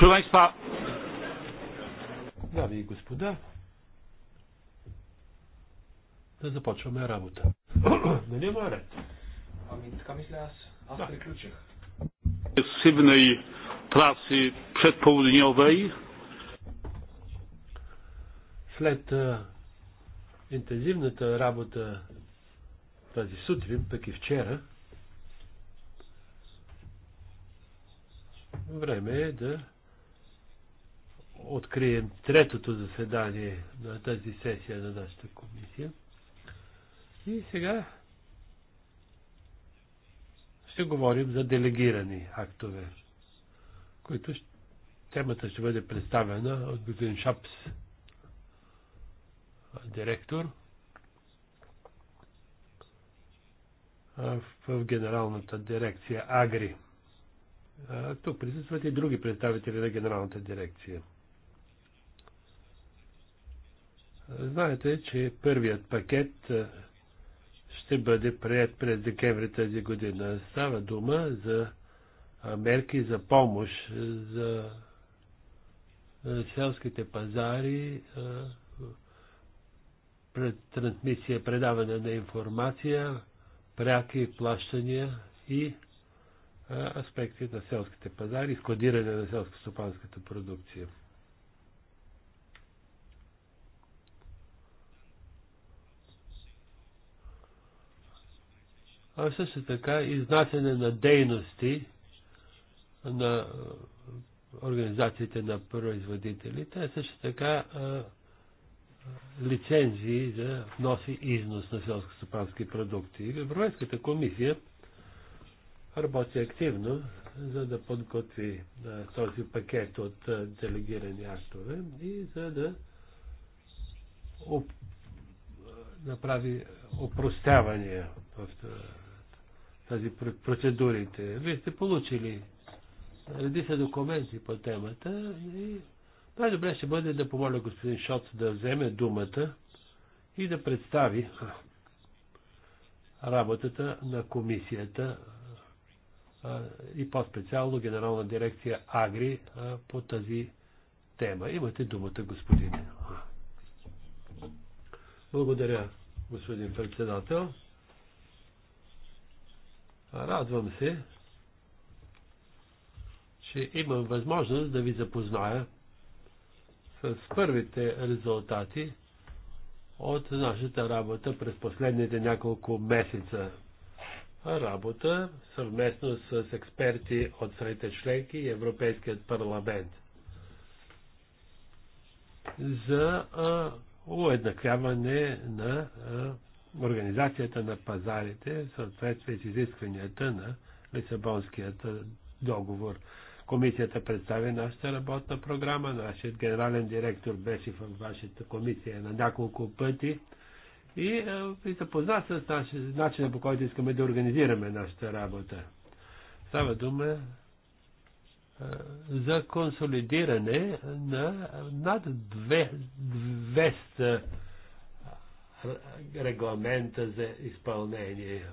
Proszę Państwa. Dami i gospoda. Да започваме работа. Нали има ред? Ами така мисля аз. Аз да. приключих. pracy przedpołudniowej. След а, интензивната работа тази сутрин, пък и вчера, време е да открием третото заседание на тази сесия на нашата комисия. И сега ще говорим за делегирани актове, които темата ще бъде представена от господин Шапс, директор в генералната дирекция Агри. Тук присъстват и други представители на генералната дирекция. Знаете, че първият пакет ще бъде прият през декември тази година. Става дума за мерки за помощ за селските пазари, пред трансмисия, предаване на информация, пряки плащания и аспекти на селските пазари, складиране на селско-стопанската продукция. а също така изнасяне на дейности на организациите на производителите, а също така лицензии за внос и износ на селско-стопански продукти. Европейската комисия работи активно, за да подготви този пакет от делегирани актове и за да оп... направи опростяване в това тази процедурите. Вие сте получили редица документи по темата и най-добре ще бъде да помоля господин Шот да вземе думата и да представи работата на комисията и по-специално Генерална дирекция Агри по тази тема. Имате думата, господин. Благодаря, господин председател. Радвам се, че имам възможност да ви запозная с първите резултати от нашата работа през последните няколко месеца. Работа съвместно с експерти от страните членки и Европейският парламент за уеднаквяване на организацията на пазарите в съответствие с изискванията на Лисабонският договор. Комисията представи нашата работна програма, нашият генерален директор беше в вашата комисия на няколко пъти и е, ви запозна с начина по който искаме да организираме нашата работа. Става дума е, за консолидиране на над 200 регламента за изпълнение,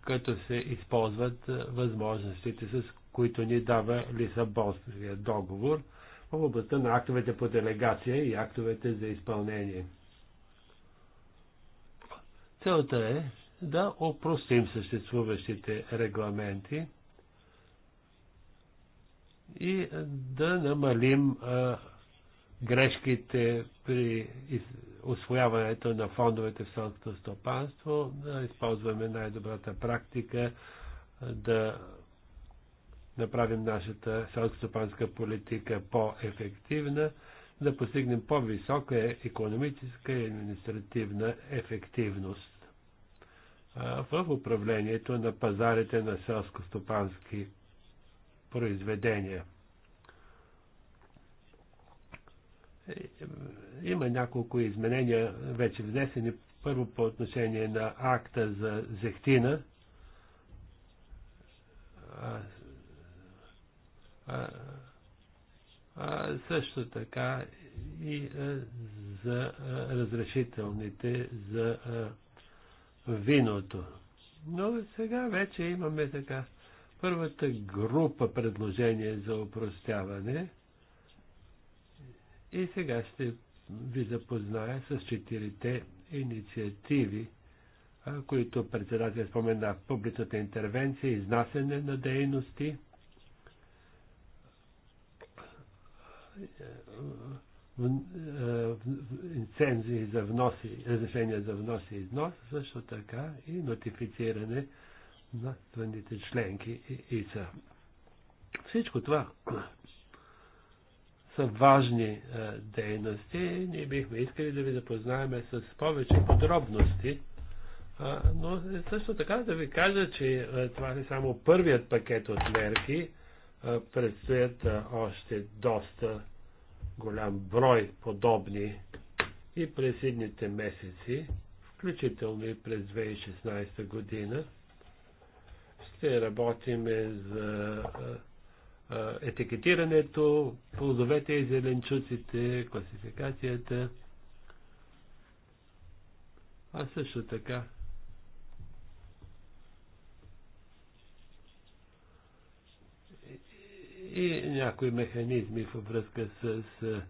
като се използват възможностите, с които ни дава Лисабонския договор в областта на актовете по делегация и актовете за изпълнение. Целта е да опростим съществуващите регламенти и да намалим а, грешките при освояването на фондовете в селското стопанство, да използваме най-добрата практика да направим нашата селскостопанска политика по-ефективна, да постигнем по-висока економическа и административна ефективност в управлението на пазарите на селско-стопански произведения. Има няколко изменения вече внесени. Първо по отношение на акта за зехтина. А, а, а, също така и а, за а, разрешителните за а, виното. Но сега вече имаме така първата група предложения за упростяване. И сега ще ви запозная с четирите инициативи, които председател спомена. Публичната интервенция, изнасяне на дейности, инцензии за вноси, разрешения за внос и износ, също така и нотифициране на страните членки и ИСА. Всичко това са важни е, дейности. Ние бихме искали да ви запознаем с повече подробности, но е, също така да ви кажа, че е, това е само първият пакет от мерки. Предстоят още доста голям брой подобни и през едните месеци, включително и през 2016 година. Ще работим за етикетирането, плодовете и зеленчуците, класификацията, а също така и някои механизми във връзка с, с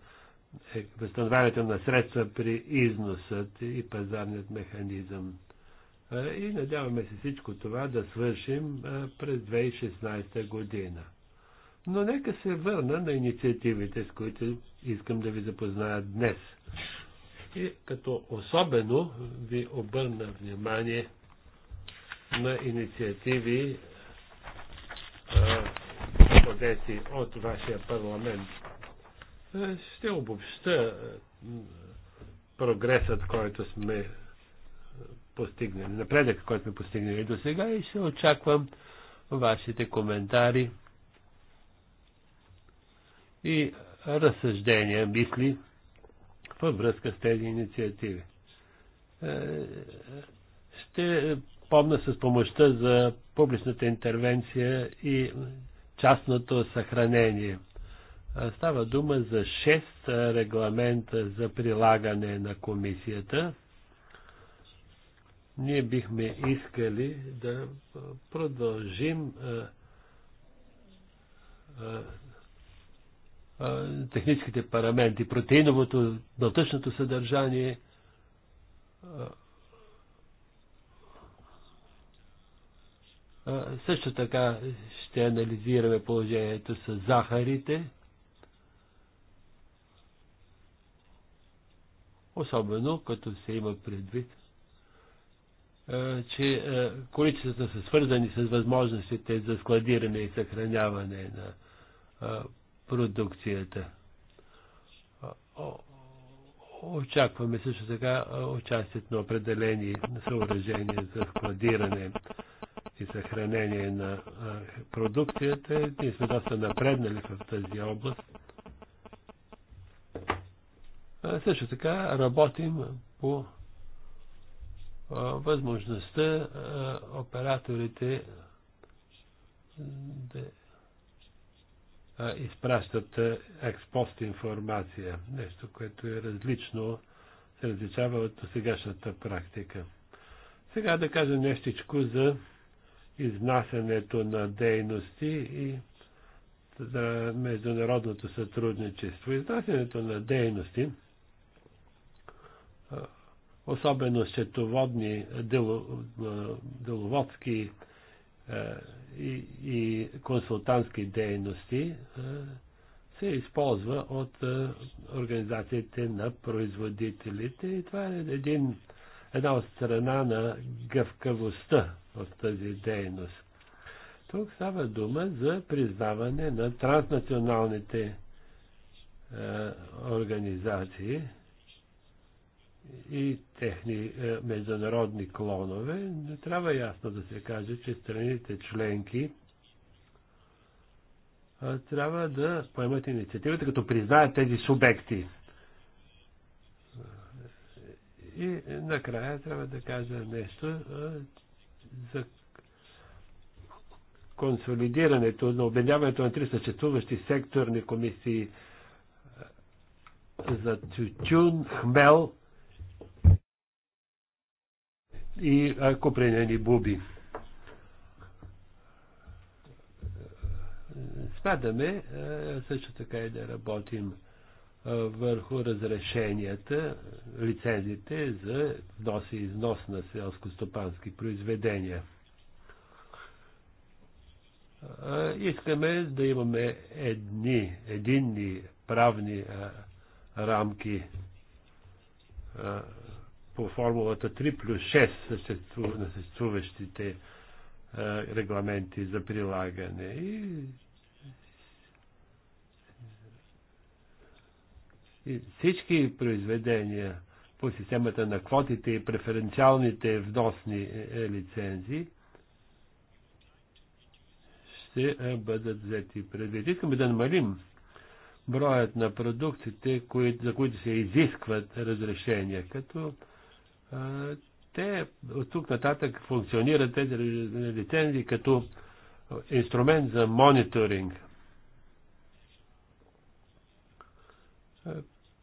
е, възстановяването на средства при износът и пазарният механизъм. И надяваме се всичко това да свършим през 2016 година. Но нека се върна на инициативите, с които искам да ви запозная днес. И като особено ви обърна внимание на инициативи подети от вашия парламент. Е, ще обобща е, прогресът, който сме постигнали, напредък, който сме постигнали до сега и ще очаквам вашите коментари и разсъждения, мисли във връзка с тези инициативи. Е, ще помна с помощта за публичната интервенция и частното съхранение. Е, става дума за 6 регламента за прилагане на комисията. Ние бихме искали да продължим е, техническите параменти, протеиновото, белтъчното съдържание, също така ще анализираме положението с захарите, особено като се има предвид, че количествата са свързани с възможностите за складиране и съхраняване на продукцията. Очакваме също така участието на определени съоръжения за складиране и съхранение на продукцията. Ние сме доста напреднали в тази област. Също така работим по възможността операторите да изпращат експост информация. Нещо, което е различно, се различава от сегашната практика. Сега да кажа нещичко за изнасянето на дейности и за международното сътрудничество. Изнасянето на дейности, особено счетоводни, деловодски, е, и, консултантски дейности е, се използва от е, организациите на производителите и това е един, една от страна на гъвкавостта в тази дейност. Тук става дума за признаване на транснационалните организации, и техни е, международни клонове, не трябва ясно да се каже, че страните членки е, трябва да поемат инициативата, като признаят тези субекти. И накрая трябва да кажа нещо е, за консолидирането на обедяването на три съществуващи секторни комисии е, за тютюн, хмел, и купринени буби. Смятаме е, също така и да работим е, върху разрешенията, лицензите за внос и износ на селско-стопански произведения. Е, искаме да имаме едни, единни правни рамки по формулата 3 плюс 6 на съществуващите е, регламенти за прилагане. И, и всички произведения по системата на квотите и преференциалните вносни е, е, лицензии ще бъдат взети предвид. Искаме да намалим броят на продуктите, за които се изискват разрешения, като те от тук нататък функционират тези лицензии като инструмент за мониторинг,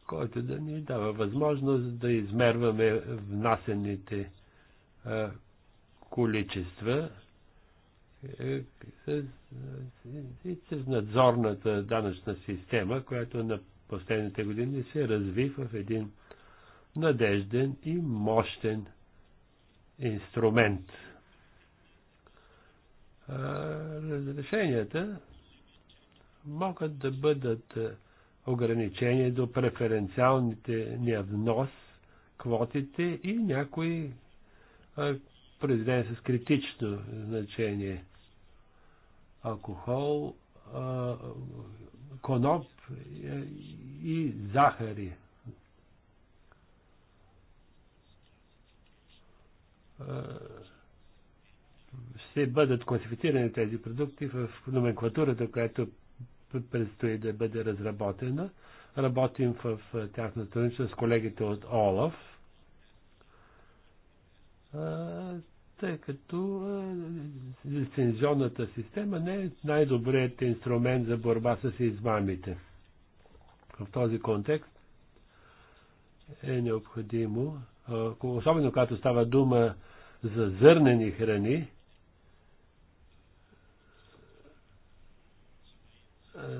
който да ни дава възможност да измерваме внасените количества е, с, и с надзорната данъчна система, която на последните години се разви в един надежден и мощен инструмент. Разрешенията могат да бъдат ограничени до преференциалните ни внос, квотите и някои произведения с критично значение. Алкохол, коноп и захари – Е, ще бъдат класифицирани тези продукти в номенклатурата, която предстои да бъде разработена. Работим в тяхна сътрудничество с колегите от ОЛАФ, е, тъй като е, лицензионната система не е най-добрият инструмент за борба с измамите. В този контекст е необходимо, особено когато става дума за зърнени храни, е,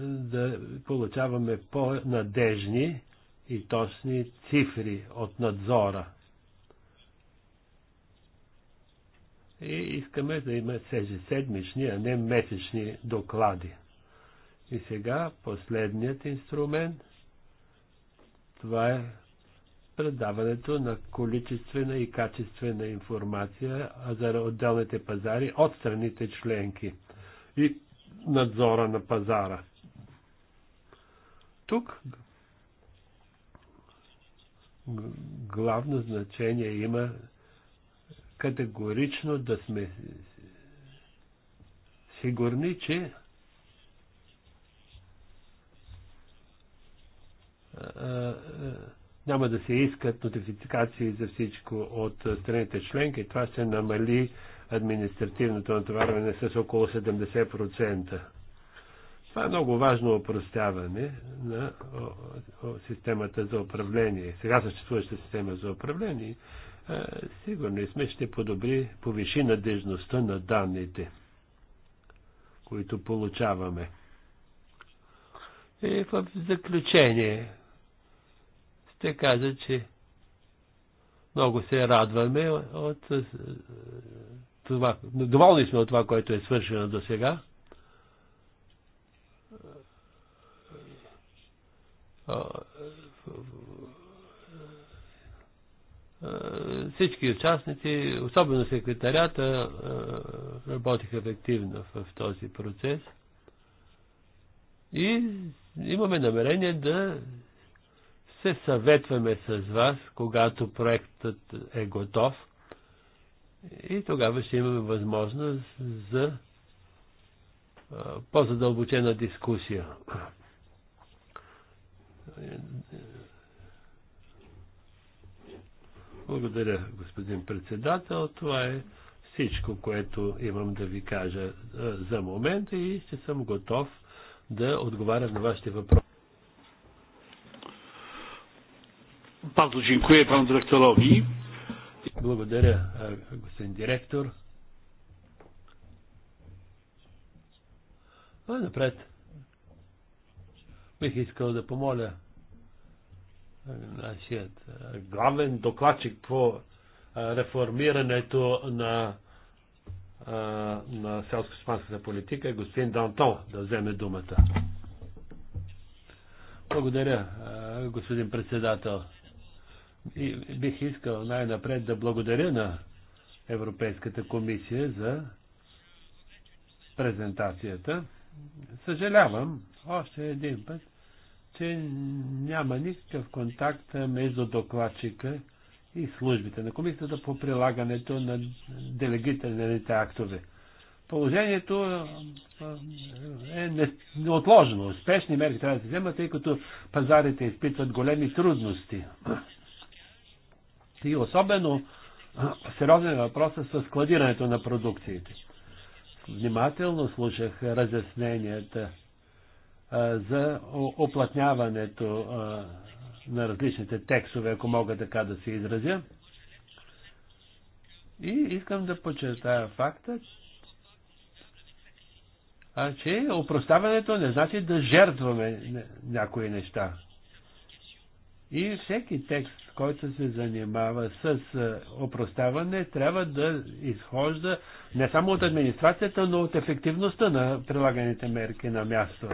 да получаваме по-надежни и точни цифри от надзора. И искаме да има седмични, а не месечни доклади. И сега последният инструмент. Това е предаването на количествена и качествена информация за отделните пазари от страните членки и надзора на пазара. Тук главно значение има категорично да сме сигурни, че а, а, няма да се искат нотификации за всичко от страните членки. Това ще намали административното натоварване с около 70%. Това е много важно опростяване на системата за управление. Сега съществуваща система за управление е, сигурно сме ще подобри, повиши надежността на данните, които получаваме. И в заключение, ще кажа, че много се радваме от е, това. Доволни сме от това, което е свършено до сега. Е, е, всички участници, особено секретарята, работиха ефективно в този процес. И имаме намерение да се съветваме с вас, когато проектът е готов и тогава ще имаме възможност за по-задълбочена дискусия. Благодаря, господин председател. Това е всичко, което имам да ви кажа за момента и ще съм готов да отговарям на вашите въпроси. Bardzo dziękuję panu dyrektorowi. Благодаря, господин директор. А напред. Бих искал да помоля нашият главен докладчик по реформирането на, на селско-спанската политика, господин Дантон, да вземе думата. Благодаря, господин председател. И бих искал най-напред да благодаря на Европейската комисия за презентацията. Съжалявам още един път, че няма никакъв контакт между докладчика и службите на комисията по прилагането на делегителните актове. Положението е, е, е неотложно. Успешни мерки трябва да се вземат, тъй като пазарите изпитват големи трудности. И особено сериозен е въпрос с складирането на продукциите. Внимателно слушах разясненията за оплътняването на различните текстове, ако мога така да се изразя. И искам да подчертая факта, а, че опроставането не значи да жертваме някои неща. И всеки текст който се занимава с е, опроставане, трябва да изхожда не само от администрацията, но от ефективността на прилаганите мерки на място.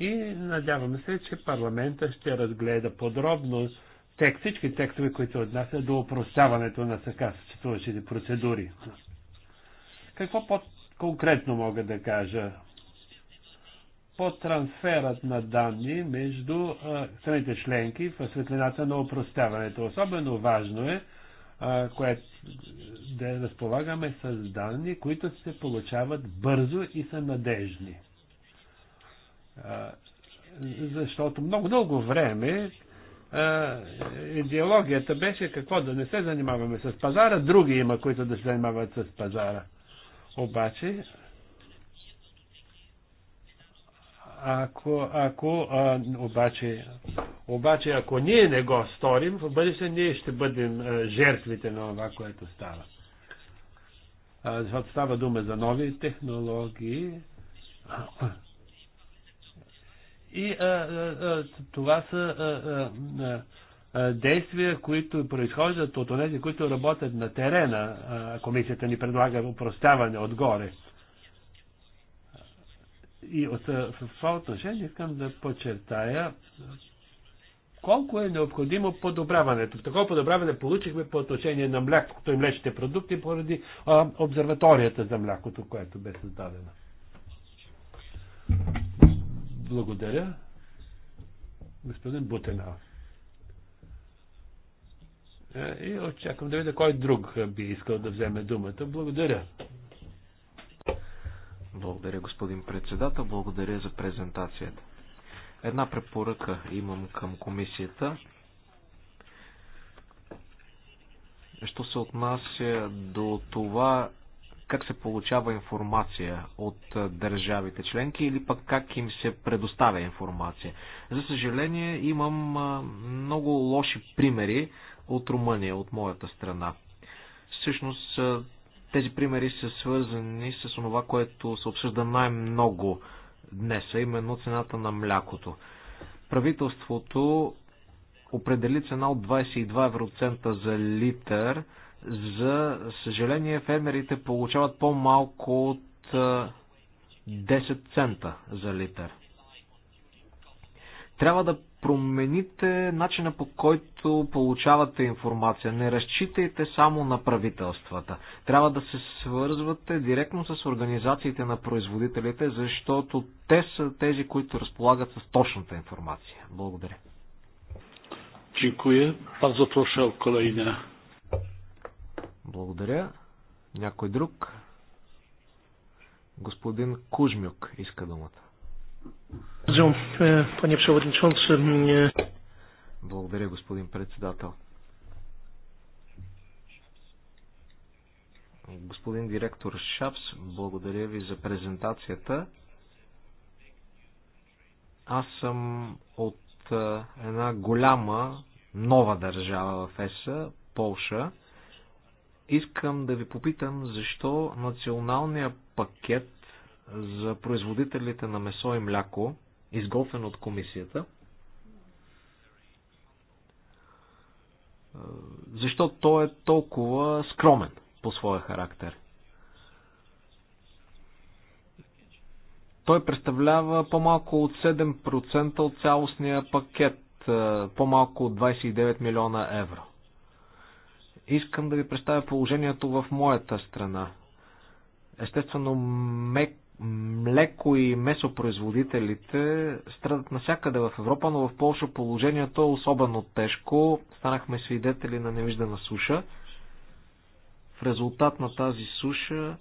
И надявам се, че парламента ще разгледа подробно тек, всички текстове, които отнасят до опростяването на сега съществуващите процедури. Какво по-конкретно мога да кажа? по трансферът на данни между страните членки в светлината на опростяването. Особено важно е което, да разполагаме с данни, които се получават бързо и са надежни. Защото много дълго време идеологията беше какво да не се занимаваме с пазара, други има, които да се занимават с пазара. Обаче Ако, ако а, обаче, обаче, ако ние не го сторим, в бъдеще ние ще бъдем а, жертвите на това, което става. А, защото става дума за нови технологии. И а, а, това са а, а, а, действия, които произхождат от тези, които работят на терена. А, комисията ни предлага упростяване отгоре. И от, в това отношение искам да подчертая колко е необходимо подобряването. Такова подобряване получихме по отношение на млякото и млечните продукти поради а, обсерваторията за млякото, което бе създадена. Благодаря. Господин Бутенал. Е, и очаквам да видя кой друг би искал да вземе думата. Благодаря. Благодаря, господин председател. Благодаря за презентацията. Една препоръка имам към комисията. Що се отнася до това, как се получава информация от държавите членки или пък как им се предоставя информация. За съжаление, имам много лоши примери от Румъния, от моята страна. Всъщност, тези примери са свързани с това, което се обсъжда най-много днес, а именно цената на млякото. Правителството определи цена от 22 евроцента за литър. За съжаление, фермерите получават по-малко от 10 цента за литър. Трябва да промените начина по който получавате информация. Не разчитайте само на правителствата. Трябва да се свързвате директно с организациите на производителите, защото те са тези, които разполагат с точната информация. Благодаря. Дякую. Bardzo proszę o Благодаря. Някой друг? Господин Кужмюк иска думата. E, e, благодаря, господин председател. Господин директор Шапс, благодаря ви за презентацията. Аз съм от е, една голяма нова държава в ЕСА, Полша. Искам да ви попитам защо националният пакет за производителите на месо и мляко изготвен от комисията. Защо той е толкова скромен по своя характер? Той представлява по-малко от 7% от цялостния пакет, по-малко от 29 милиона евро. Искам да ви представя положението в моята страна. Естествено, мек млеко и месопроизводителите страдат навсякъде в Европа, но в Польша положението е особено тежко. Станахме свидетели на невиждана суша. В резултат на тази суша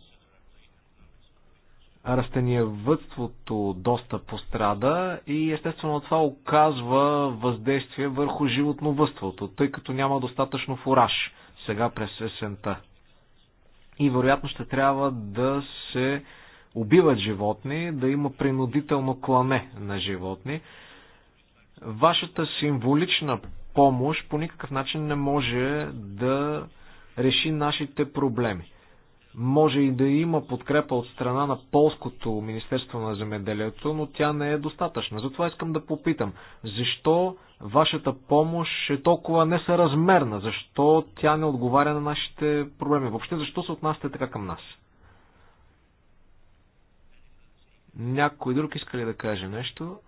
растениевътството доста пострада и естествено това оказва въздействие върху животновътството, тъй като няма достатъчно фураж сега през есента. И вероятно ще трябва да се убиват животни, да има принудително клане на животни. Вашата символична помощ по никакъв начин не може да реши нашите проблеми. Може и да има подкрепа от страна на Полското Министерство на земеделието, но тя не е достатъчна. Затова искам да попитам, защо вашата помощ е толкова несъразмерна? Защо тя не отговаря на нашите проблеми? Въобще, защо се отнасяте така към нас? Някой друг иска ли да каже нещо?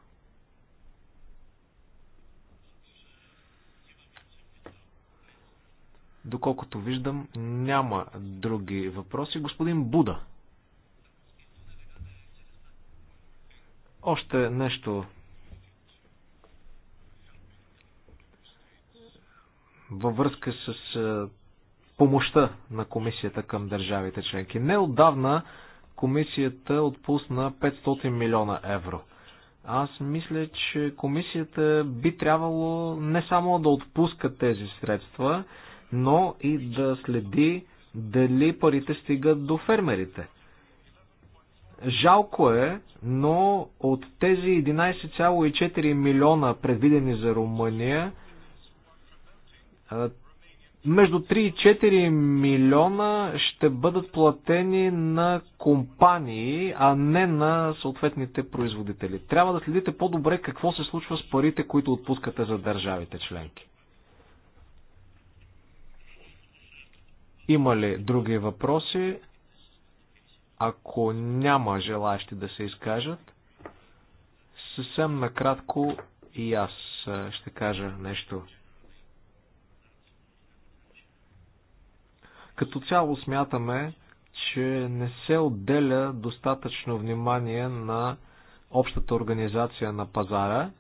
Доколкото виждам, няма други въпроси. Господин Буда. Още нещо. Във връзка с помощта на комисията към държавите членки. Неодавна комисията отпусна 500 милиона евро. Аз мисля, че комисията би трябвало не само да отпуска тези средства, но и да следи дали парите стигат до фермерите. Жалко е, но от тези 11,4 милиона предвидени за Румъния, между 3 и 4 милиона ще бъдат платени на компании, а не на съответните производители. Трябва да следите по-добре какво се случва с парите, които отпускате за държавите членки. Има ли други въпроси? Ако няма желаящи да се изкажат, съвсем накратко и аз ще кажа нещо. Като цяло смятаме, че не се отделя достатъчно внимание на общата организация на пазара.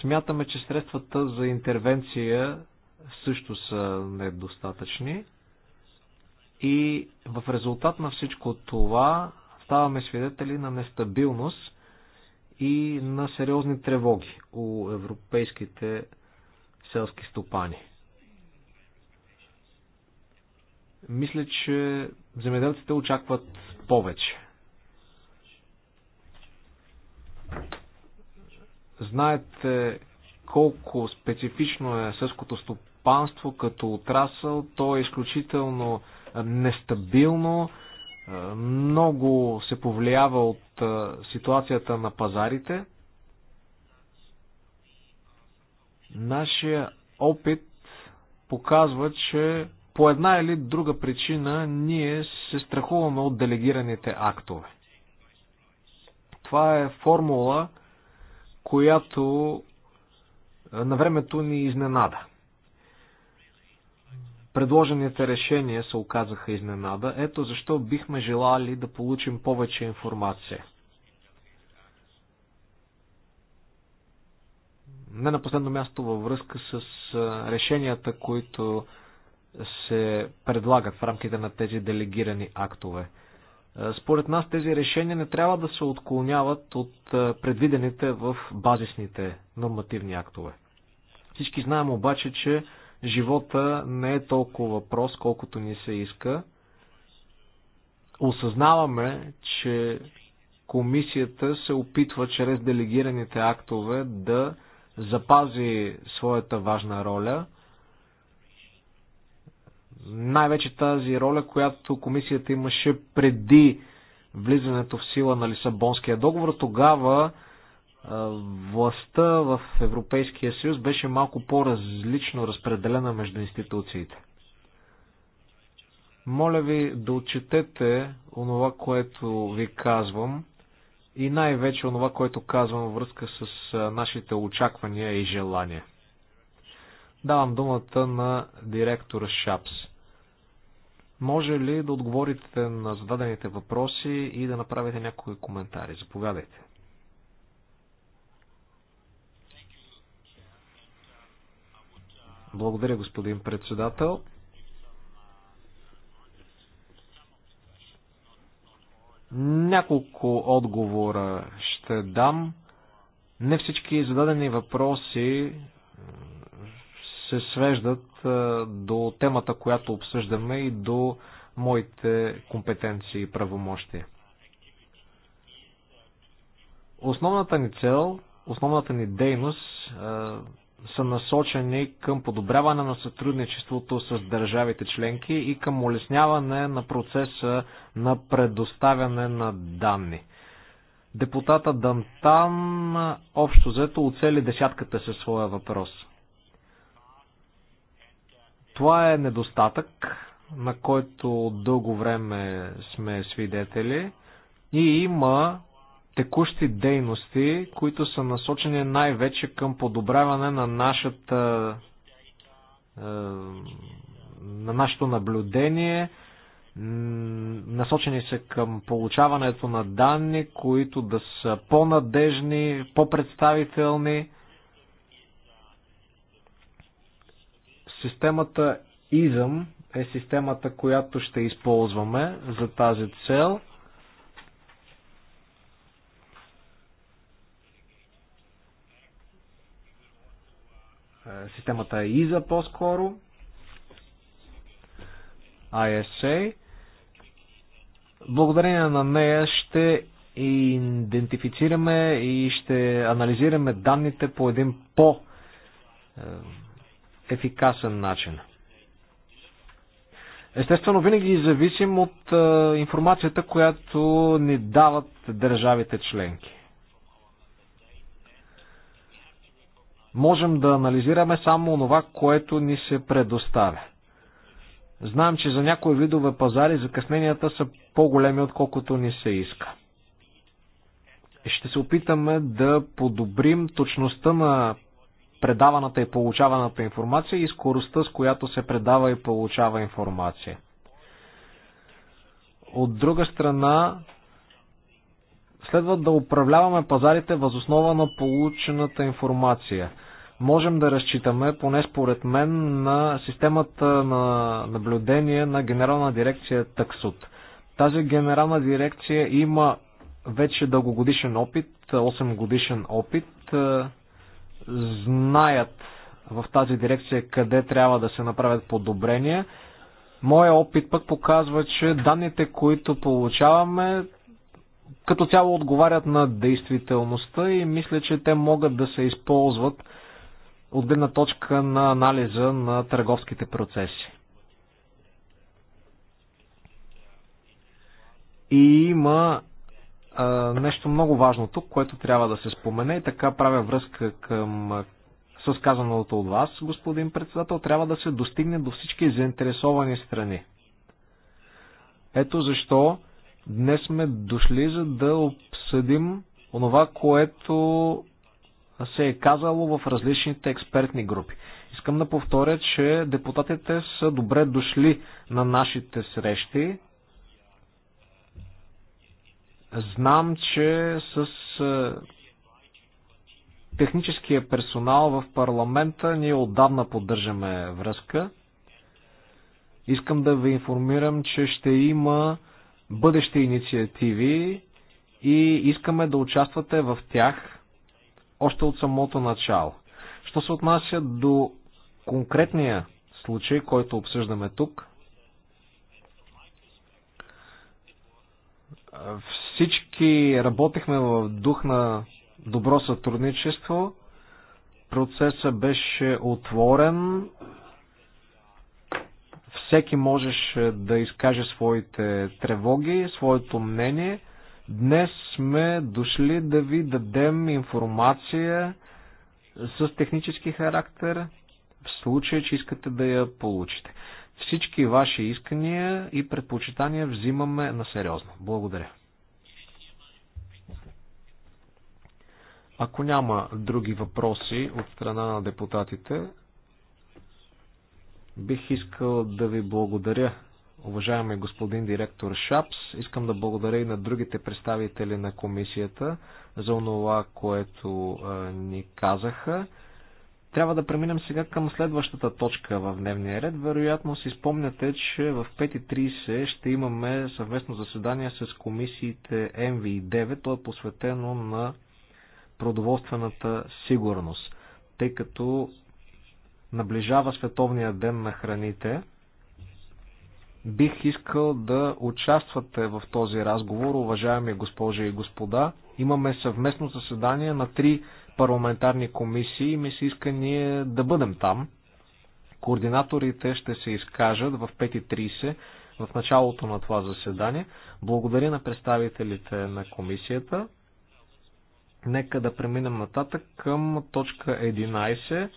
Смятаме, че средствата за интервенция също са недостатъчни. И в резултат на всичко това ставаме свидетели на нестабилност и на сериозни тревоги у европейските селски стопани. Мисля, че земеделците очакват повече. Знаете колко специфично е сърското стопанство като отрасъл. То е изключително нестабилно, много се повлиява от ситуацията на пазарите. Нашия опит показва, че по една или друга причина ние се страхуваме от делегираните актове. Това е формула, която на времето ни изненада. Предложените решения се оказаха изненада. Ето защо бихме желали да получим повече информация. Не на последно място във връзка с решенията, които се предлагат в рамките на тези делегирани актове. Е, според нас тези решения не трябва да се отклоняват от е, предвидените в базисните нормативни актове. Всички знаем обаче, че живота не е толкова въпрос, колкото ни се иска. Осъзнаваме, че комисията се опитва чрез делегираните актове да запази своята важна роля – най-вече тази роля, която комисията имаше преди влизането в сила на Лисабонския договор. Тогава властта в Европейския съюз беше малко по-различно разпределена между институциите. Моля ви да отчетете онова, което ви казвам и най-вече онова, което казвам във връзка с нашите очаквания и желания. Давам думата на директора Шапс. Може ли да отговорите на зададените въпроси и да направите някои коментари? Заповядайте. Благодаря, господин председател. Няколко отговора ще дам. Не всички зададени въпроси се свеждат до темата, която обсъждаме и до моите компетенции и правомощия. Основната ни цел, основната ни дейност са насочени към подобряване на сътрудничеството с държавите членки и към улесняване на процеса на предоставяне на данни. Депутата Дантан общо взето оцели десятката със своя въпрос – това е недостатък, на който дълго време сме свидетели и има текущи дейности, които са насочени най-вече към подобряване на нашата е, на нашето наблюдение, насочени са към получаването на данни, които да са по-надежни, по-представителни. Системата Изам е системата, която ще използваме за тази цел. Е, системата е ИЗА по-скоро. ISA. Благодарение на нея ще идентифицираме и ще анализираме данните по един по- е, ефикасен начин. Естествено, винаги зависим от информацията, която ни дават държавите членки. Можем да анализираме само това, което ни се предоставя. Знаем, че за някои видове пазари закъсненията са по-големи, отколкото ни се иска. Ще се опитаме да подобрим точността на предаваната и получаваната информация и скоростта, с която се предава и получава информация. От друга страна, следва да управляваме пазарите възоснова на получената информация. Можем да разчитаме, поне според мен, на системата на наблюдение на Генерална дирекция Таксуд. Тази генерална дирекция има вече дългогодишен опит, 8 годишен опит знаят в тази дирекция къде трябва да се направят подобрения. Моя опит пък показва, че данните, които получаваме, като цяло отговарят на действителността и мисля, че те могат да се използват от гледна точка на анализа на търговските процеси. И има нещо много важно тук, което трябва да се спомене и така правя връзка към с казаното от вас, господин председател, трябва да се достигне до всички заинтересовани страни. Ето защо днес сме дошли за да обсъдим онова, което се е казало в различните експертни групи. Искам да повторя, че депутатите са добре дошли на нашите срещи. Знам, че с е, техническия персонал в парламента ние отдавна поддържаме връзка. Искам да ви информирам, че ще има бъдещи инициативи и искаме да участвате в тях още от самото начало. Що се отнася до конкретния случай, който обсъждаме тук, всички работехме в дух на добро сътрудничество. Процесът беше отворен. Всеки можеше да изкаже своите тревоги, своето мнение. Днес сме дошли да ви дадем информация с технически характер, в случай, че искате да я получите. Всички ваши искания и предпочитания взимаме на сериозно. Благодаря. Ако няма други въпроси от страна на депутатите, бих искал да ви благодаря, уважаеми господин директор Шапс. Искам да благодаря и на другите представители на комисията за онова, което ни казаха. Трябва да преминем сега към следващата точка в дневния ред. Вероятно си спомняте, че в 5.30 ще имаме съвместно заседание с комисиите MV9. То е посветено на продоволствената сигурност, тъй като наближава Световния ден на храните. Бих искал да участвате в този разговор, уважаеми госпожи и господа. Имаме съвместно заседание на три парламентарни комисии и ми се иска ние да бъдем там. Координаторите ще се изкажат в 5.30 в началото на това заседание. Благодаря на представителите на комисията. Нека да преминем нататък към точка 11.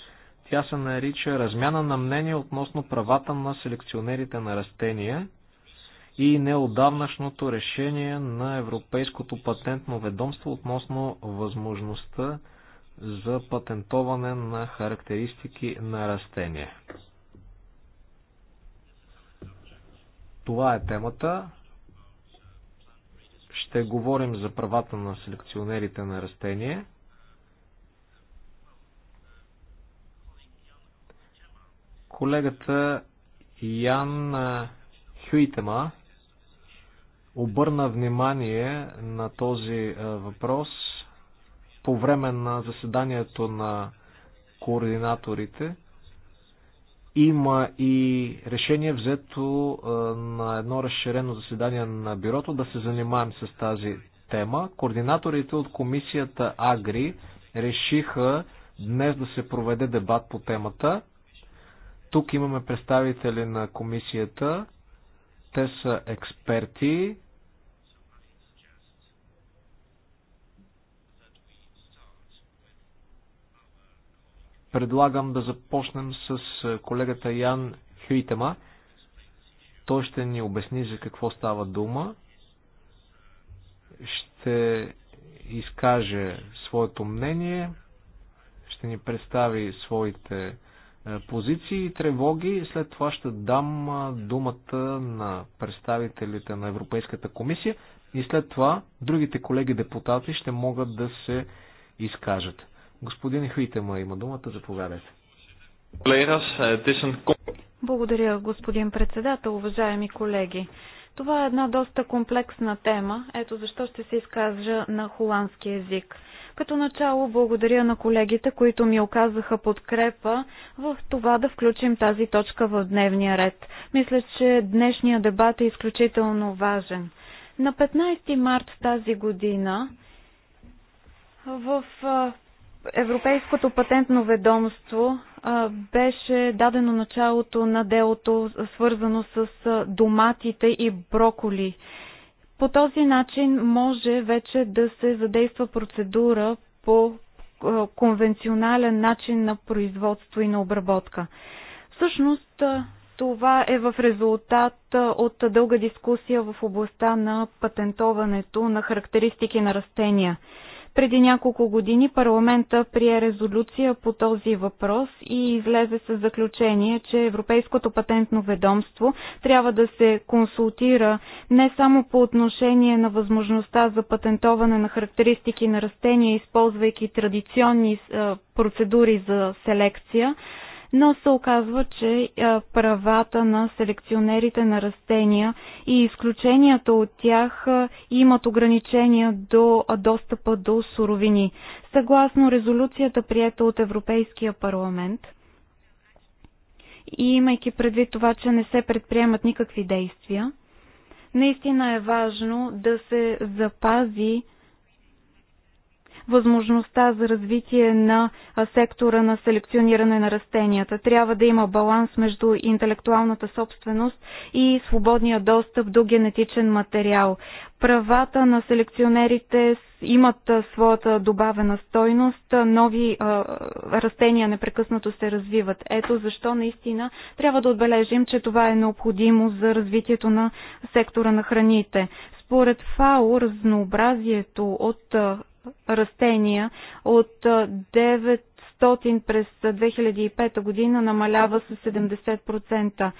Тя се нарича Размяна на мнение относно правата на селекционерите на растения и неодавнашното решение на Европейското патентно ведомство относно възможността за патентоване на характеристики на растения. Това е темата ще говорим за правата на селекционерите на растения. Колегата Ян Хюитема обърна внимание на този въпрос по време на заседанието на координаторите. Има и решение взето на едно разширено заседание на бюрото да се занимаем с тази тема. Координаторите от комисията Агри решиха днес да се проведе дебат по темата. Тук имаме представители на комисията. Те са експерти. Предлагам да започнем с е, колегата Ян Хюитема. Той ще ни обясни за какво става дума. Ще изкаже своето мнение, ще ни представи своите е, позиции и тревоги. След това ще дам е, думата на представителите на Европейската комисия и след това другите колеги депутати ще могат да се изкажат. Господин Хвитема има думата, заповядайте. Е, благодаря, господин председател, уважаеми колеги. Това е една доста комплексна тема. Ето защо ще се изкажа на холандски език. Като начало благодаря на колегите, които ми оказаха подкрепа в това да включим тази точка в дневния ред. Мисля, че днешният дебат е изключително важен. На 15 март тази година в Европейското патентно ведомство беше дадено началото на делото, свързано с доматите и броколи. По този начин може вече да се задейства процедура по конвенционален начин на производство и на обработка. Всъщност това е в резултат от дълга дискусия в областта на патентоването на характеристики на растения. Преди няколко години парламента прие резолюция по този въпрос и излезе с заключение, че Европейското патентно ведомство трябва да се консултира не само по отношение на възможността за патентоване на характеристики на растения, използвайки традиционни процедури за селекция, но се оказва, че правата на селекционерите на растения и изключенията от тях имат ограничения до достъпа до суровини. Съгласно резолюцията, приета от Европейския парламент, и имайки предвид това, че не се предприемат никакви действия, наистина е важно да се запази възможността за развитие на сектора на селекциониране на растенията. Трябва да има баланс между интелектуалната собственост и свободния достъп до генетичен материал. Правата на селекционерите имат своята добавена стойност, нови а, растения непрекъснато се развиват. Ето защо наистина трябва да отбележим, че това е необходимо за развитието на сектора на храните. Според ФАО, разнообразието от растения от 900 през 2005 година намалява с 70%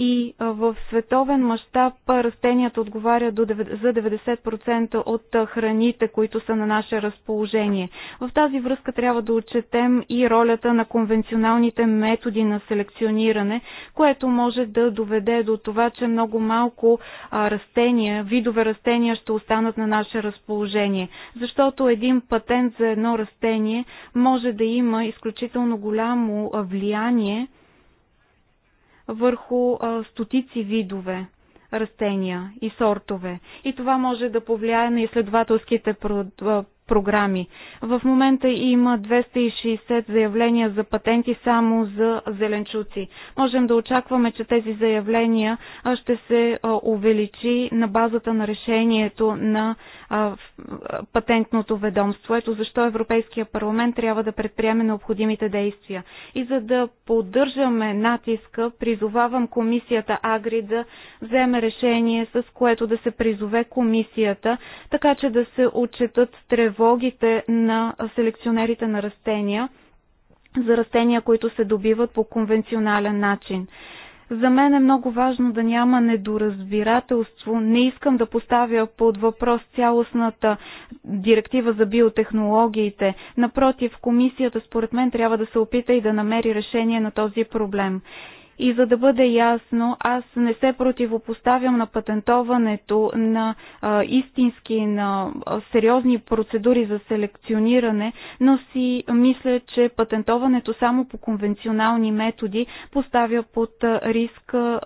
и в световен мащаб растенията отговарят за 90% от храните, които са на наше разположение. В тази връзка трябва да отчетем и ролята на конвенционалните методи на селекциониране, което може да доведе до това, че много малко растения, видове растения ще останат на наше разположение. Защото един патент за едно растение може да има изключително голямо влияние върху стотици видове растения и сортове. И това може да повлияе на изследователските програми. В момента има 260 заявления за патенти само за зеленчуци. Можем да очакваме, че тези заявления ще се увеличи на базата на решението на патентното ведомство. Ето защо Европейския парламент трябва да предприеме необходимите действия. И за да поддържаме натиска, призовавам комисията Агри да вземе решение, с което да се призове комисията, така че да се отчетат тревоги тревогите на селекционерите на растения за растения, които се добиват по конвенционален начин. За мен е много важно да няма недоразбирателство. Не искам да поставя под въпрос цялостната директива за биотехнологиите. Напротив, комисията според мен трябва да се опита и да намери решение на този проблем. И за да бъде ясно, аз не се противопоставям на патентоването на а, истински, на а, сериозни процедури за селекциониране, но си мисля, че патентоването само по конвенционални методи поставя под риск а,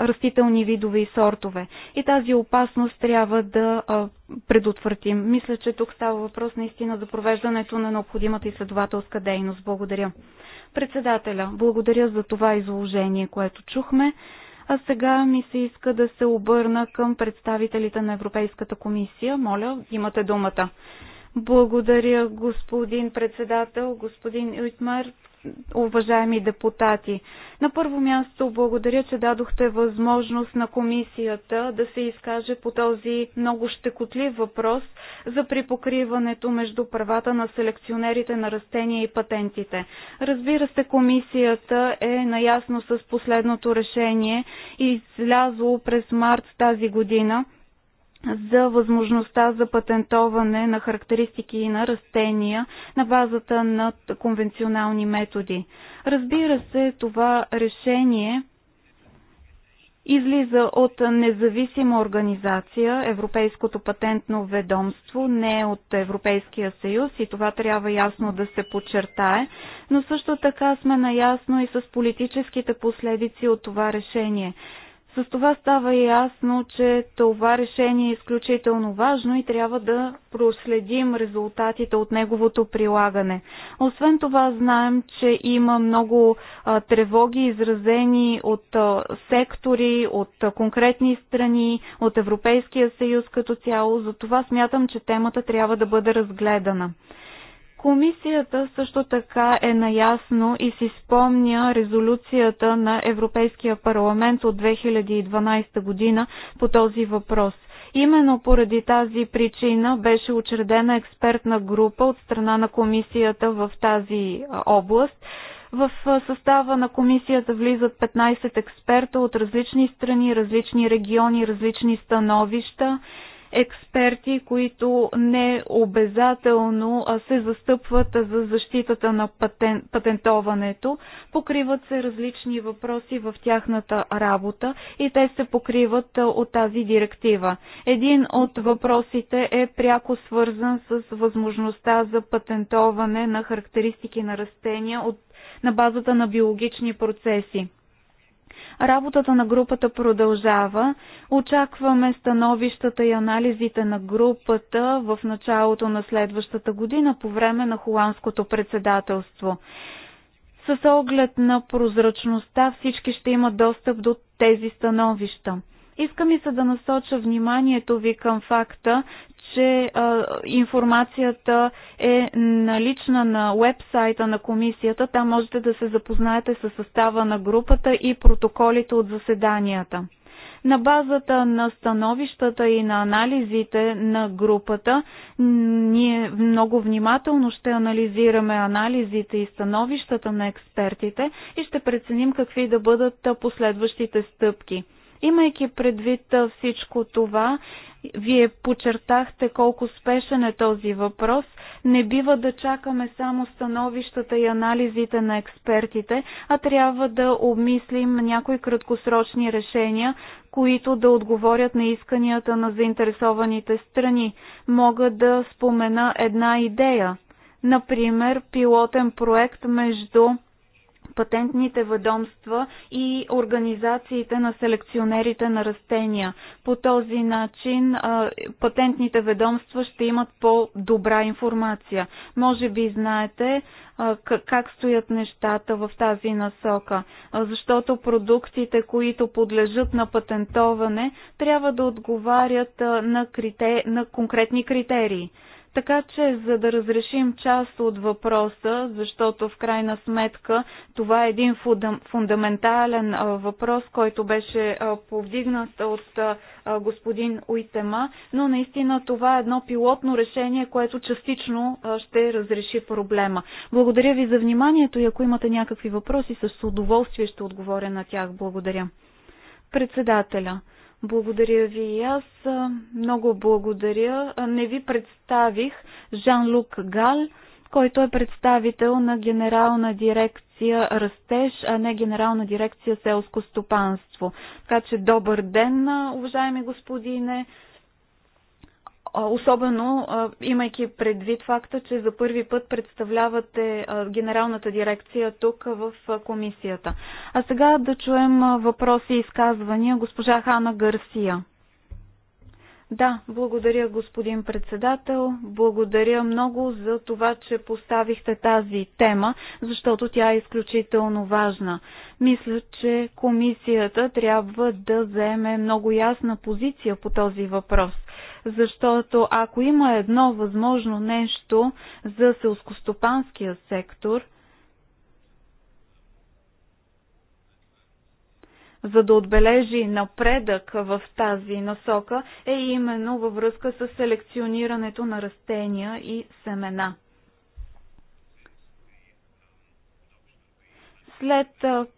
растителни видове и сортове. И тази опасност трябва да а, предотвратим. Мисля, че тук става въпрос наистина за провеждането на необходимата изследователска дейност. Благодаря. Председателя, благодаря за това изложение, което чухме. А сега ми се иска да се обърна към представителите на Европейската комисия. Моля, имате думата. Благодаря, господин председател, господин Уитмар, уважаеми депутати. На първо място благодаря, че дадохте възможност на комисията да се изкаже по този много щекотлив въпрос за припокриването между правата на селекционерите на растения и патентите. Разбира се, комисията е наясно с последното решение, и излязло през март тази година – за възможността за патентоване на характеристики на растения на базата на конвенционални методи. Разбира се, това решение излиза от независима организация, Европейското патентно ведомство, не от Европейския съюз и това трябва ясно да се подчертае, но също така сме наясно и с политическите последици от това решение. С това става ясно, че това решение е изключително важно и трябва да проследим резултатите от неговото прилагане. Освен това, знаем, че има много а, тревоги, изразени от а, сектори, от а, конкретни страни, от Европейския съюз като цяло. Затова смятам, че темата трябва да бъде разгледана. Комисията също така е наясно и си спомня резолюцията на Европейския парламент от 2012 година по този въпрос. Именно поради тази причина беше учредена експертна група от страна на комисията в тази област. В състава на комисията влизат 15 експерта от различни страни, различни региони, различни становища експерти, които не обязателно се застъпват за защитата на патен, патентоването. Покриват се различни въпроси в тяхната работа и те се покриват от тази директива. Един от въпросите е пряко свързан с възможността за патентоване на характеристики на растения от на базата на биологични процеси. Работата на групата продължава. Очакваме становищата и анализите на групата в началото на следващата година по време на холандското председателство. С оглед на прозрачността всички ще имат достъп до тези становища. Искам и се да насоча вниманието ви към факта, че а, информацията е налична на вебсайта на комисията. Там можете да се запознаете с състава на групата и протоколите от заседанията. На базата на становищата и на анализите на групата, ние много внимателно ще анализираме анализите и становищата на експертите и ще преценим какви да бъдат последващите стъпки. Имайки предвид всичко това, вие подчертахте колко спешен е този въпрос. Не бива да чакаме само становищата и анализите на експертите, а трябва да обмислим някои краткосрочни решения, които да отговорят на исканията на заинтересованите страни. Мога да спомена една идея. Например, пилотен проект между патентните ведомства и организациите на селекционерите на растения. По този начин патентните ведомства ще имат по-добра информация. Може би знаете как стоят нещата в тази насока, защото продуктите, които подлежат на патентоване, трябва да отговарят на, крите... на конкретни критерии. Така че, за да разрешим част от въпроса, защото в крайна сметка това е един фундаментален въпрос, който беше повдигнат от господин Уитема, но наистина това е едно пилотно решение, което частично ще разреши проблема. Благодаря ви за вниманието и ако имате някакви въпроси, с удоволствие ще отговоря на тях. Благодаря. Председателя. Благодаря ви и аз. Много благодаря. Не ви представих Жан-Лук Гал, който е представител на генерална дирекция Растеж, а не генерална дирекция Селско стопанство. Така че добър ден, уважаеми господине. Особено имайки предвид факта, че за първи път представлявате генералната дирекция тук в комисията. А сега да чуем въпроси и изказвания. Госпожа Хана Гарсия. Да, благодаря господин председател. Благодаря много за това, че поставихте тази тема, защото тя е изключително важна. Мисля, че комисията трябва да заеме много ясна позиция по този въпрос защото ако има едно възможно нещо за селскостопанския сектор, за да отбележи напредък в тази насока, е именно във връзка с селекционирането на растения и семена. След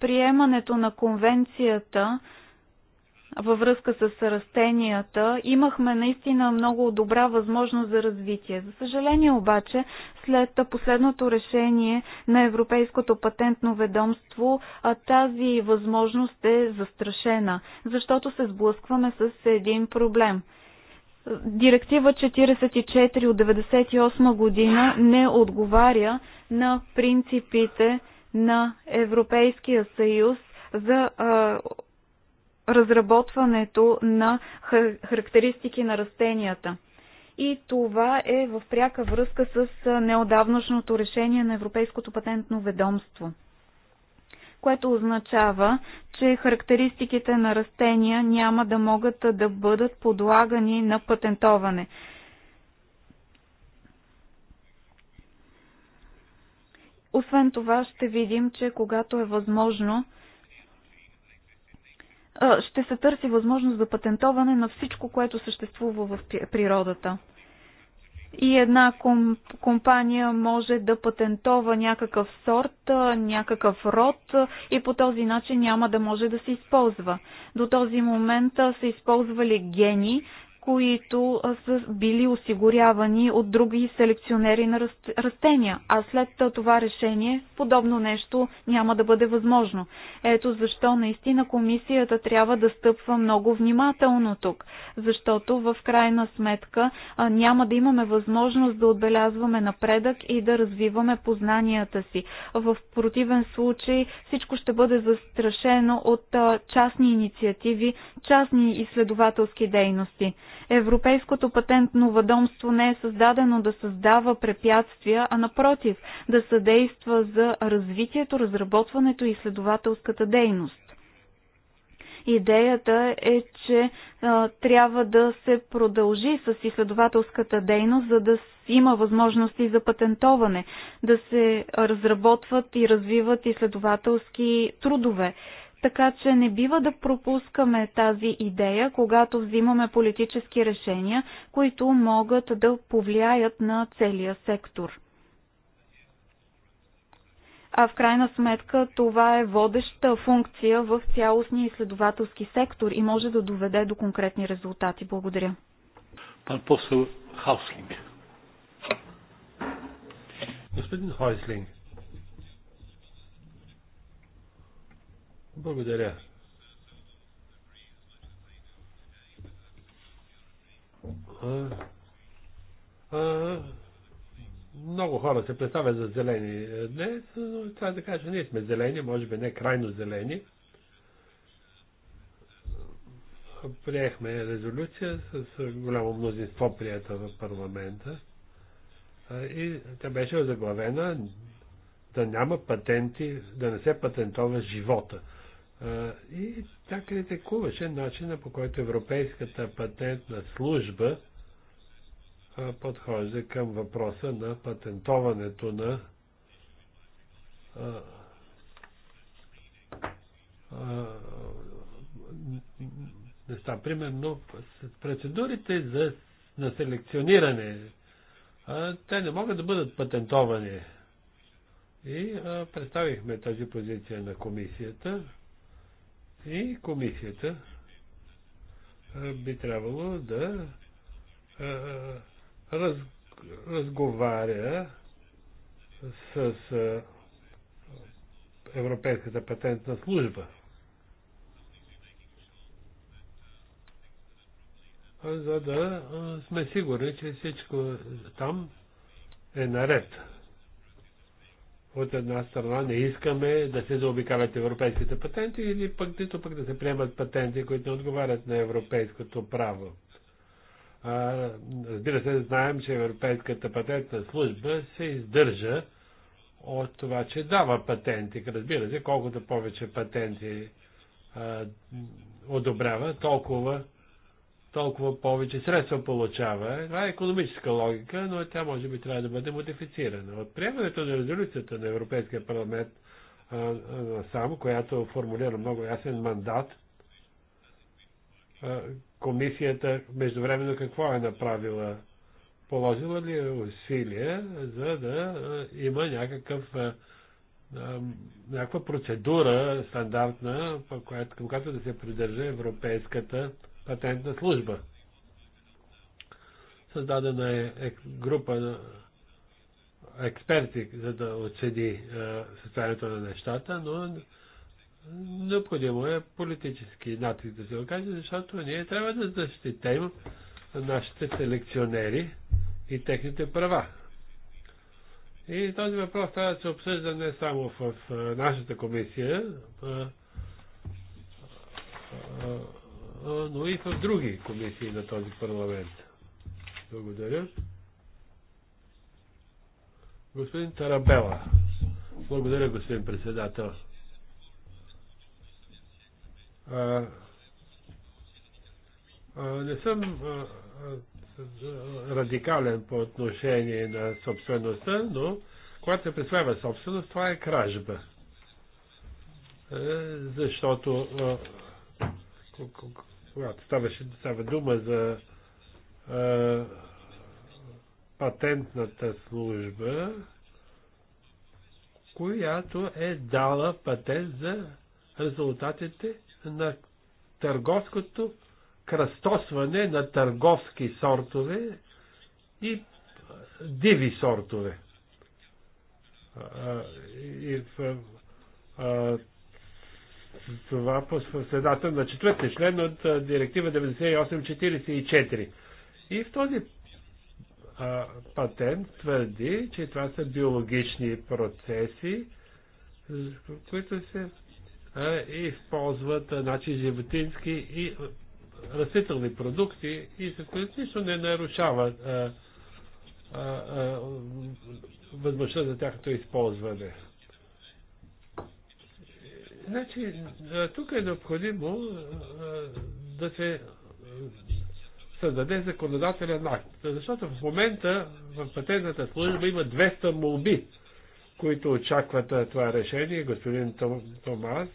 приемането на конвенцията във връзка с растенията, имахме наистина много добра възможност за развитие. За съжаление обаче, след последното решение на Европейското патентно ведомство, тази възможност е застрашена, защото се сблъскваме с един проблем. Директива 44 от 1998 година не отговаря на принципите на Европейския съюз за разработването на характеристики на растенията. И това е в пряка връзка с неодавнашното решение на Европейското патентно ведомство което означава, че характеристиките на растения няма да могат да бъдат подлагани на патентоване. Освен това ще видим, че когато е възможно, ще се търси възможност за патентоване на всичко, което съществува в природата. И една компания може да патентова някакъв сорт, някакъв род и по този начин няма да може да се използва. До този момент са използвали гени, които са били осигурявани от други селекционери на растения. А след това решение подобно нещо няма да бъде възможно. Ето защо наистина комисията трябва да стъпва много внимателно тук, защото в крайна сметка няма да имаме възможност да отбелязваме напредък и да развиваме познанията си. В противен случай всичко ще бъде застрашено от частни инициативи, частни изследователски дейности. Европейското патентно ведомство не е създадено да създава препятствия, а напротив, да съдейства за развитието, разработването и изследователската дейност. Идеята е, че а, трябва да се продължи с изследователската дейност, за да има възможности за патентоване, да се разработват и развиват изследователски трудове. Така че не бива да пропускаме тази идея, когато взимаме политически решения, които могат да повлияят на целия сектор. А в крайна сметка това е водеща функция в цялостния изследователски сектор и може да доведе до конкретни резултати. Благодаря. Пан посъл Хауслинг. Господин Хойслинг, Благодаря. много хора се представят за зелени днес, но трябва да кажа, ние сме зелени, може би не крайно зелени. Приехме резолюция с голямо мнозинство прията в парламента и тя беше озаглавена да няма патенти, да не се патентова живота. И тя критикуваше начина по който Европейската патентна служба подхожда към въпроса на патентоването на неща. Примерно, процедурите за, на селекциониране, а, те не могат да бъдат патентовани. И а, представихме тази позиция на комисията. И комисията би трябвало да раз, разговаря с Европейската патентна служба. За да сме сигурни, че всичко там е наред. От една страна не искаме да се заобикалят европейските патенти или пък, нито пък да се приемат патенти, които не отговарят на европейското право. А, разбира се, знаем, че Европейската патентна служба се издържа от това, че дава патенти. Разбира се, колкото повече патенти а, одобрява, толкова толкова повече средства получава. Това е економическа логика, но тя може би трябва да бъде модифицирана. От приемането на резолюцията на Европейския парламент само, която формулира много ясен мандат, комисията междувременно какво е направила? Положила ли е усилия, за да има някакъв някаква процедура стандартна, по която да се придържа Европейската патентна служба. Създадена е група на експерти, за да оцени е, състоянието на нещата, но необходимо е политически натиск да се окаже, защото ние трябва да защитим нашите селекционери и техните права. И този въпрос трябва да се обсъжда не само в нашата комисия, а, а, но и в други комисии на този парламент. Благодаря. Господин Тарабела. Благодаря, господин председател. А, а, не съм а, радикален по отношение на собствеността, но когато се представя собственост, това е кражба. Е, защото когато ставаше става дума за а, патентната служба, която е дала патент за резултатите на търговското кръстосване на търговски сортове и диви сортове. И в това по средата на четвърти член от директива 9844. И в този а, патент твърди, че това са биологични процеси, които се а, използват а, значи, животински и растителни продукти и за които нищо не нарушава възможността за тяхното използване. Значи, тук е необходимо е, да се е, създаде законодателен акт. Защото в момента в патентната служба има 200 молби, които очакват е, това решение. Господин Томас,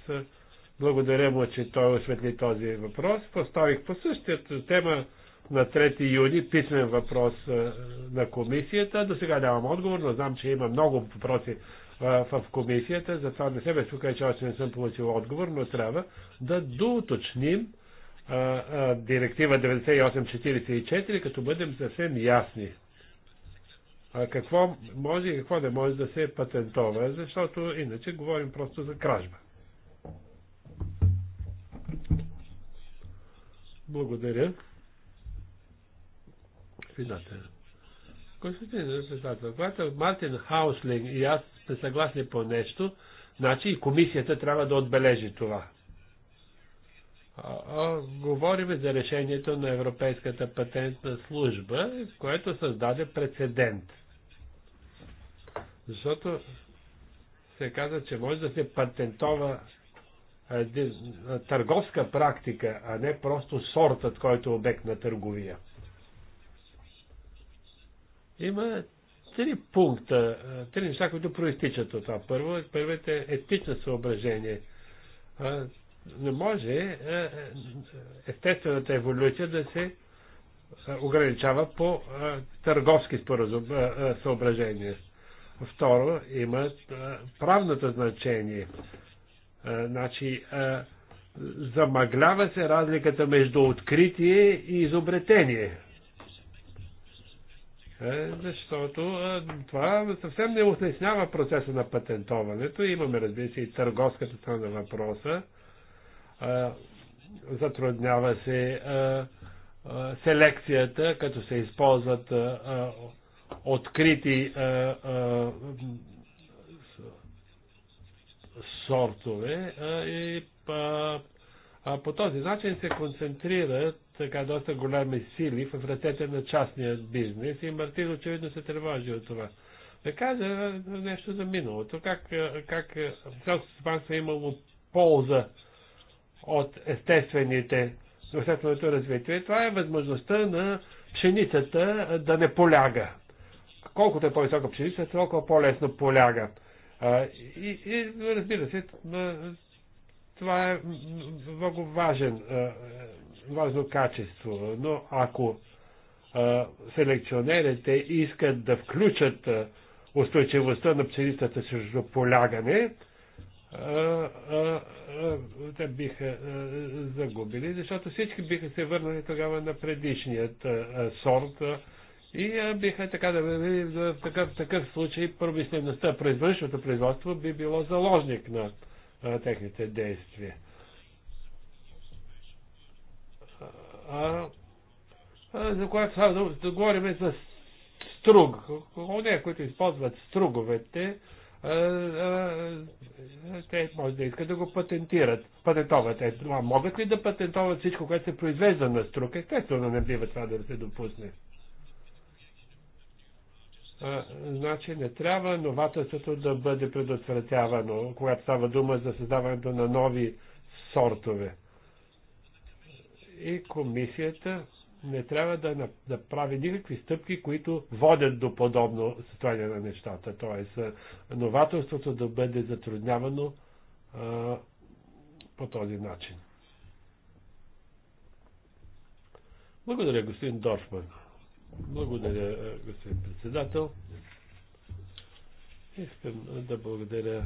благодаря му, че той осветли този въпрос. Поставих по същата тема на 3 юни писмен въпрос на комисията. До сега нямам отговор, но знам, че има много въпроси в комисията, затова не се тук, че още не съм получил отговор, но трябва да доуточним директива 9844, като бъдем съвсем ясни. А какво може и какво не може да се патентова, защото иначе говорим просто за кражба. Благодаря. Свидателя. Константин председател, когато Мартин Хауслинг и аз са съгласни по нещо, значи и комисията трябва да отбележи това. А, а, говорим за решението на Европейската патентна служба, което създаде прецедент. Защото се каза, че може да се патентова търговска практика, а не просто сортът, който е обект на търговия. Има три пункта, е, три неща, които проистичат от това. Първо, първите етично съображение. Е, не може е, естествената еволюция да се ограничава по търговски съображения. Второ, има правното значение. Значи, замаглява се разликата между откритие и изобретение е, защото е, това съвсем не уснеснява процеса на патентоването. Имаме, разбира се, и търговската страна на въпроса. Е, затруднява се селекцията, като се използват открити сортове и по този начин се концентрират така доста големи сили в ръцете на частния бизнес и Мартин очевидно се тревожи от това. Да кажа нещо за миналото. Как, как селското стопанство е имало полза от естествените естественото развитие. Това е възможността на пшеницата да не поляга. Колкото е по-висока пшеница, толкова по-лесно поляга. И, и разбира се, това е много важен важно качество. Но ако а, селекционерите искат да включат а, устойчивостта на пчелицата срещу полягане, те биха загубили, защото всички биха се върнали тогава на предишният сорт и биха така да в такъв, такъв случай промислеността през външното производство би било заложник на техните действия. а, а, за която да говорим за струг. Оне, които използват струговете, а, а, те може да искат да го патентират. Патентоват. Е, а могат ли да патентоват всичко, което се произвежда на струг? Естествено не бива това да се допусне. А, значи не трябва новаторството да бъде предотвратявано, когато става дума за създаването на нови сортове и комисията не трябва да, да прави никакви стъпки, които водят до подобно състояние на нещата. Тоест, новаторството да бъде затруднявано а, по този начин. Благодаря, господин Дорфман. Благодаря, господин председател. Искам да благодаря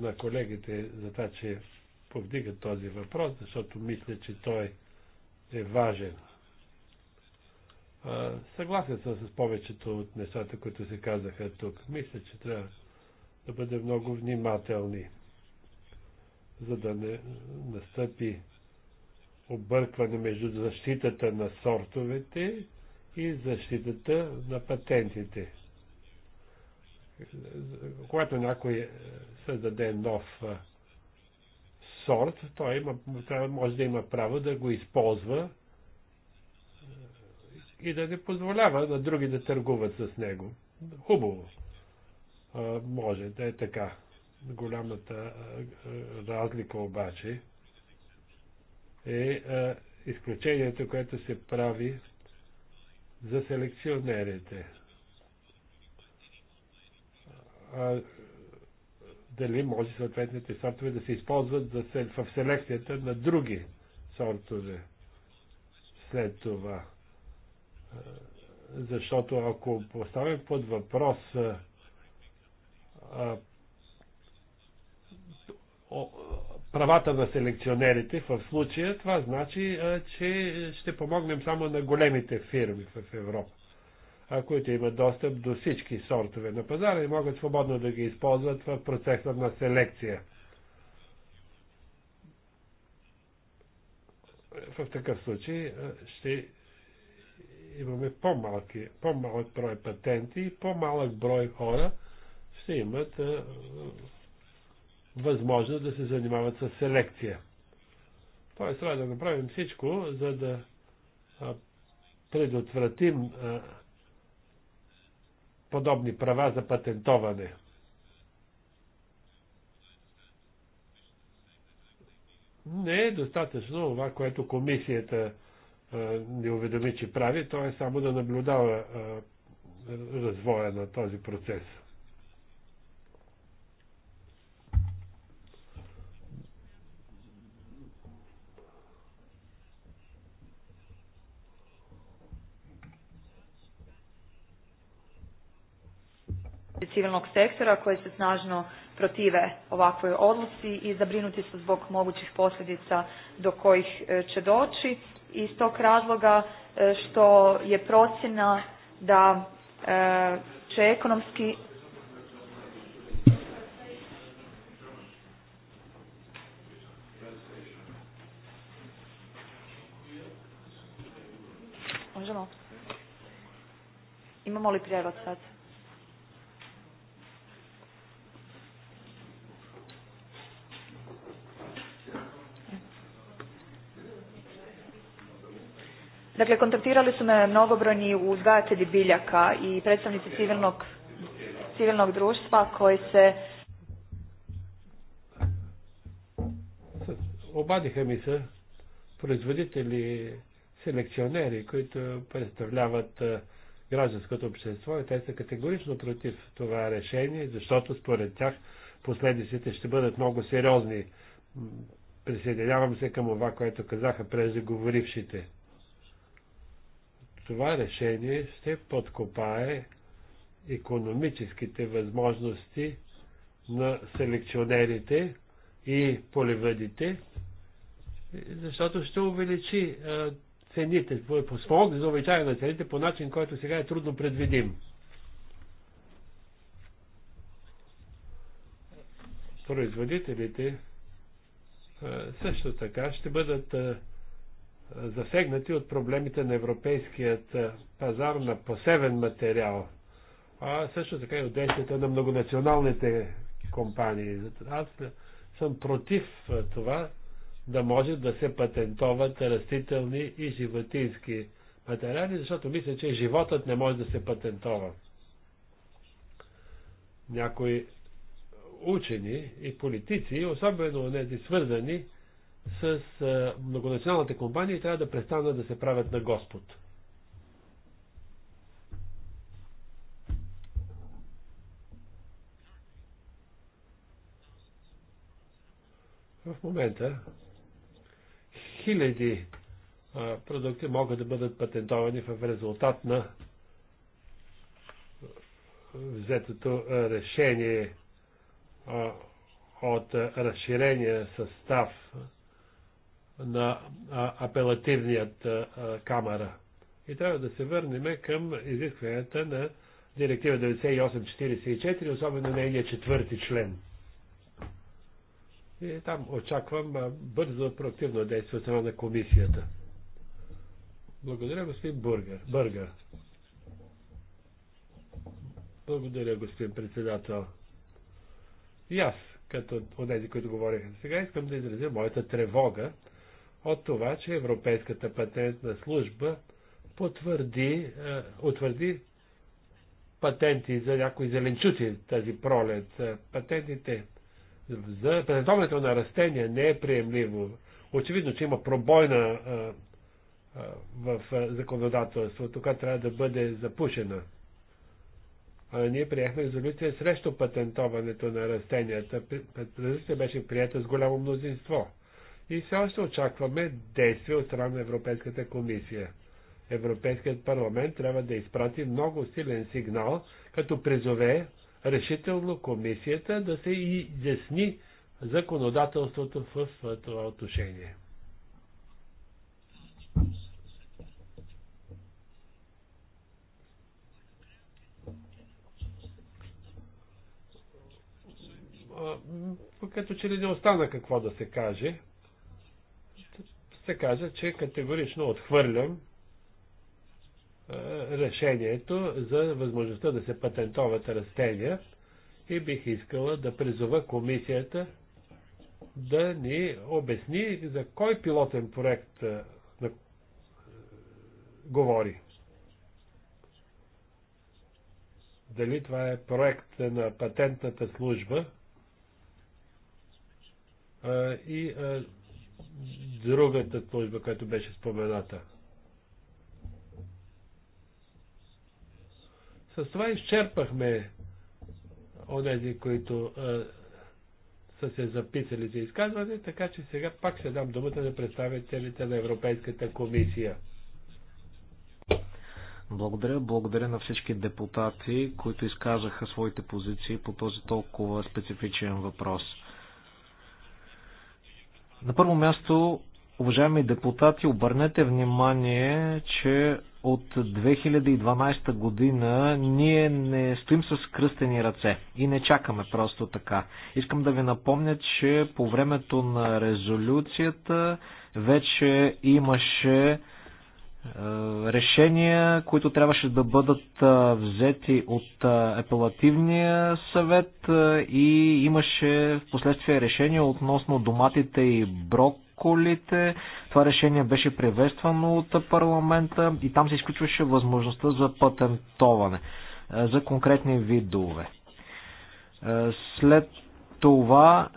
на колегите за това, че повдигат този въпрос, защото мисля, че той е важен. Съгласен съм с повечето от нещата, които се казаха тук. Мисля, че трябва да бъдем много внимателни, за да не настъпи объркване между защитата на сортовете и защитата на патентите. Когато някой е, създаде нов сорт, той има, може да има право да го използва и да не позволява на други да търгуват с него. Хубаво. може да е така. Голямата разлика обаче е изключението, което се прави за селекционерите дали може съответните сортове да се използват за, в селекцията на други сортове след това. Е, защото ако поставим под въпрос е, а, о, правата на селекционерите в случая, това значи, а, е, че ще помогнем само на големите фирми в Европа които имат достъп до всички сортове на пазара и могат свободно да ги използват в процеса на селекция. В такъв случай ще имаме по малки по-малък брой патенти и по-малък брой хора ще имат възможност да се занимават с селекция. Тоест трябва да направим всичко, за да предотвратим подобни права за патентоване. Не е достатъчно това, което комисията ни уведоми, че прави, то е само да наблюдава а, развоя на този процес. civilnog sektora koji se snažno protive ovakvoj odluci i zabrinuti su zbog mogućih posljedica do kojih će doći iz tog razloga što je procjena da će ekonomski Možemo? Imamo li prijevod sad? Dakle, kontaktirali su me mnogobrojni uzgajatelji biljaka i predstavnici civilnog, civilnog društva koji se обадиха ми се производители, селекционери, които представляват гражданското общество и те са категорично против това решение, защото според тях последиците ще бъдат много сериозни. Присъединявам се към това, което казаха преждеговорившите това решение ще подкопае економическите възможности на селекционерите и поливъдите, защото ще увеличи цените, спомогне за увеличаване на цените по начин, който сега е трудно предвидим. Производителите също така ще бъдат засегнати от проблемите на европейският пазар на посевен материал, а също така и от действията на многонационалните компании. Аз съм против това да може да се патентоват растителни и животински материали, защото мисля, че животът не може да се патентова. Някои учени и политици, особено тези свързани с многонационалните компании трябва да престанат да се правят на Господ. В момента хиляди а, продукти могат да бъдат патентовани в резултат на взетото решение а, от разширения състав на апелативният камера. И трябва да се върнем към изискванията на директива 9844, особено нейният четвърти член. И там очаквам бързо проактивно действие от на комисията. Благодаря, господин Бургер. Бъргер. Благодаря, господин председател. И аз, като от тези, които говориха сега, искам да изразя моята тревога от това, че Европейската патентна служба потвърди, е, утвърди патенти за някои зеленчуци тази пролет. Е, патентите за патентоването на растения не е приемливо. Очевидно, че има пробойна е, е, в е, законодателството, която трябва да бъде запушена. А ние приехме резолюция срещу патентоването на растенията. Резолюцията беше прията с голямо мнозинство. И все още очакваме действия от страна на Европейската комисия. Европейският парламент трябва да изпрати много силен сигнал, като призове решително комисията да се изясни законодателството в това отношение. като че ли не остана какво да се каже. Се кажа, че категорично отхвърлям решението за възможността да се патентоват растения и бих искала да призова комисията да ни обясни за кой пилотен проект да говори. Дали това е проект на патентната служба и другата служба, която беше спомената. С това изчерпахме онези, които е, са се записали за изказване, така че сега пак ще дам думата на представителите на Европейската комисия. Благодаря. Благодаря на всички депутати, които изказаха своите позиции по този толкова специфичен въпрос. На първо място, уважаеми депутати, обърнете внимание, че от 2012 година ние не стоим с кръстени ръце и не чакаме просто така. Искам да ви напомня, че по времето на резолюцията вече имаше е, решения, които трябваше да бъдат е, взети от е, апелативния съвет и имаше в последствие решение относно доматите и броколите. Това решение беше приветствано от парламента и там се изключваше възможността за патентоване за конкретни видове. След това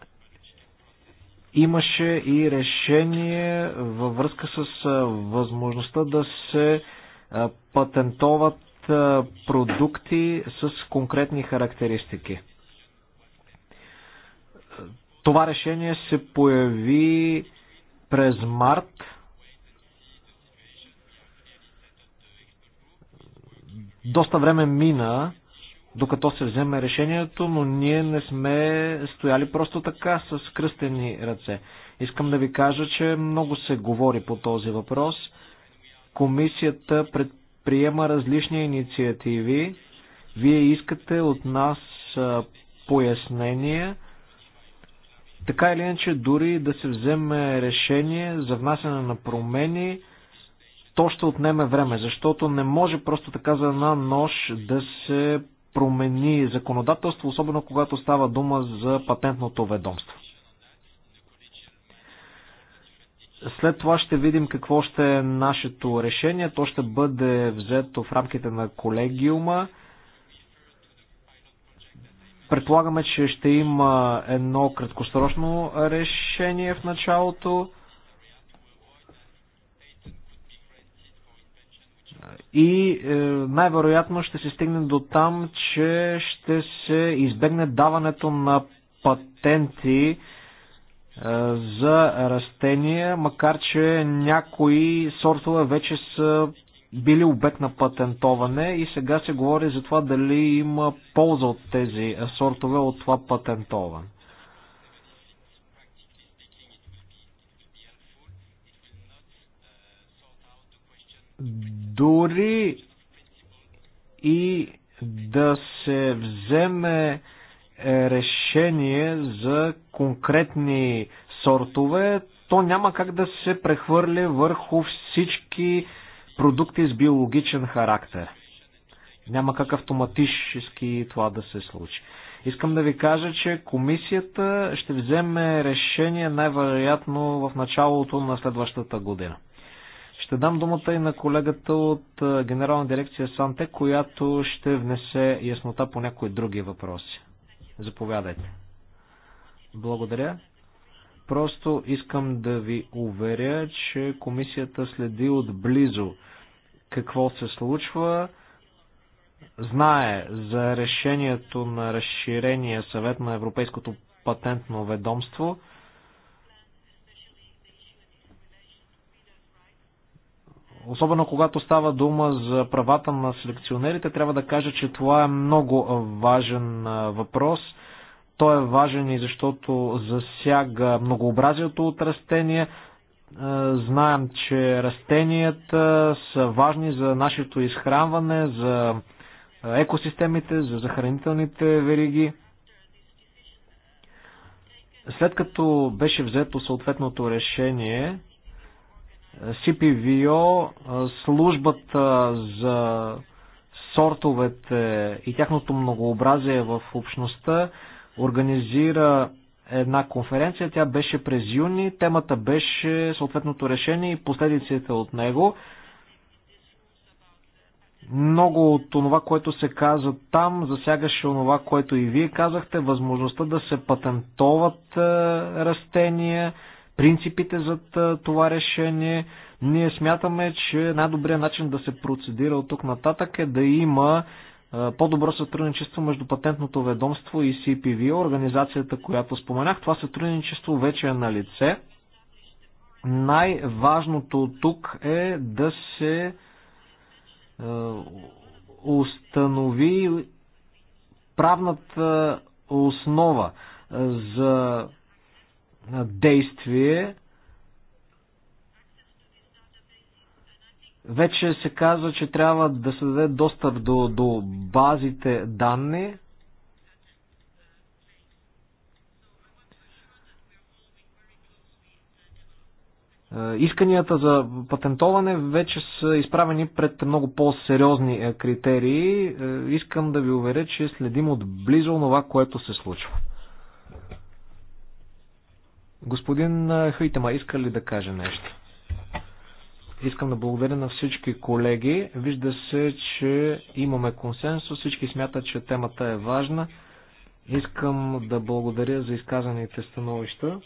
Имаше и решение във връзка с възможността да се патентоват продукти с конкретни характеристики. Това решение се появи през март. Доста време мина докато се вземе решението, но ние не сме стояли просто така с кръстени ръце. Искам да ви кажа, че много се говори по този въпрос. Комисията предприема различни инициативи. Вие искате от нас пояснения. Така или иначе, дори да се вземе решение за внасяне на промени, то ще отнеме време, защото не може просто така за една нощ да се промени законодателство, особено когато става дума за патентното ведомство. След това ще видим какво ще е нашето решение. То ще бъде взето в рамките на колегиума. Предполагаме, че ще има едно краткосрочно решение в началото. и е, най-вероятно ще се стигне до там, че ще се избегне даването на патенти е, за растения, макар че някои сортове вече са били обект на патентоване и сега се говори за това дали има полза от тези сортове от това патентоване. Дори и да се вземе е, решение за конкретни сортове, то няма как да се прехвърли върху всички продукти с биологичен характер. Няма как автоматически това да се случи. Искам да ви кажа, че комисията ще вземе решение най-вероятно в началото на следващата година. Ще дам думата и на колегата от Генерална дирекция Санте, която ще внесе яснота по някои други въпроси. Заповядайте. Благодаря. Просто искам да ви уверя, че комисията следи отблизо какво се случва. Знае за решението на разширения съвет на Европейското патентно ведомство. особено когато става дума за правата на селекционерите, трябва да кажа, че това е много важен въпрос. Той е важен и защото засяга многообразието от растения. Знаем, че растенията са важни за нашето изхранване, за екосистемите, за захранителните вериги. След като беше взето съответното решение, CPVO, службата за сортовете и тяхното многообразие в общността организира една конференция. Тя беше през юни. Темата беше съответното решение и последиците от него. Много от това, което се каза там, засягаше онова, което и вие казахте, възможността да се патентоват растения, принципите за това решение. Ние смятаме, че най-добрият начин да се процедира от тук нататък е да има по-добро сътрудничество между патентното ведомство и CPV, организацията, която споменах. Това сътрудничество вече е на лице. Най-важното тук е да се установи правната основа за действие. Вече се казва, че трябва да се даде достъп до, до базите данни. Е, исканията за патентоване вече са изправени пред много по-сериозни е, критерии. Е, искам да ви уверя, че следим отблизо това, което се случва. Господин Хайтема, иска ли да каже нещо? Искам да благодаря на всички колеги. Вижда се, че имаме консенсус. Всички смятат, че темата е важна. Искам да благодаря за изказаните становища.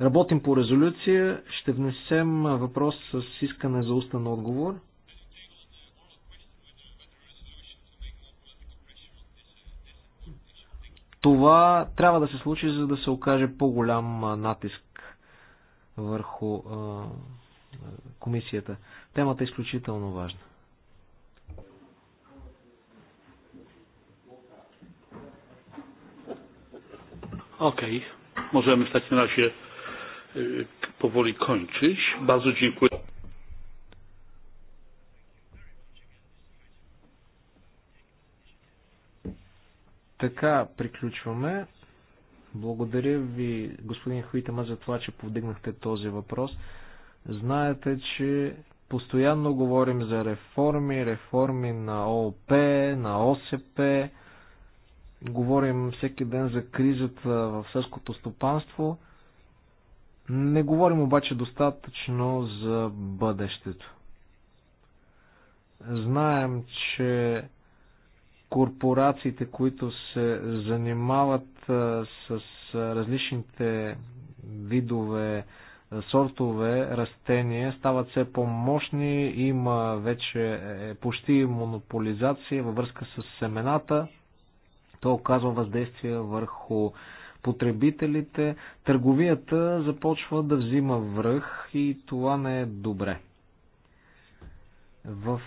Работим по резолюция. Ще внесем въпрос с искане за устен отговор. Това трябва да се случи, за да се окаже по-голям натиск върху комисията. Темата е изключително важна. Окей, okay. możemy стати на нашия powoli кончиш. Bardzo dziękuję. така приключваме. Благодаря ви, господин Хуитама, за това, че повдигнахте този въпрос. Знаете, че постоянно говорим за реформи, реформи на ООП, на ОСП. Говорим всеки ден за кризата в селското стопанство. Не говорим обаче достатъчно за бъдещето. Знаем, че корпорациите, които се занимават с различните видове, сортове растения стават все по-мощни, има вече е, почти монополизация във връзка с семената. То оказва въздействие върху потребителите. Търговията започва да взима връх и това не е добре. В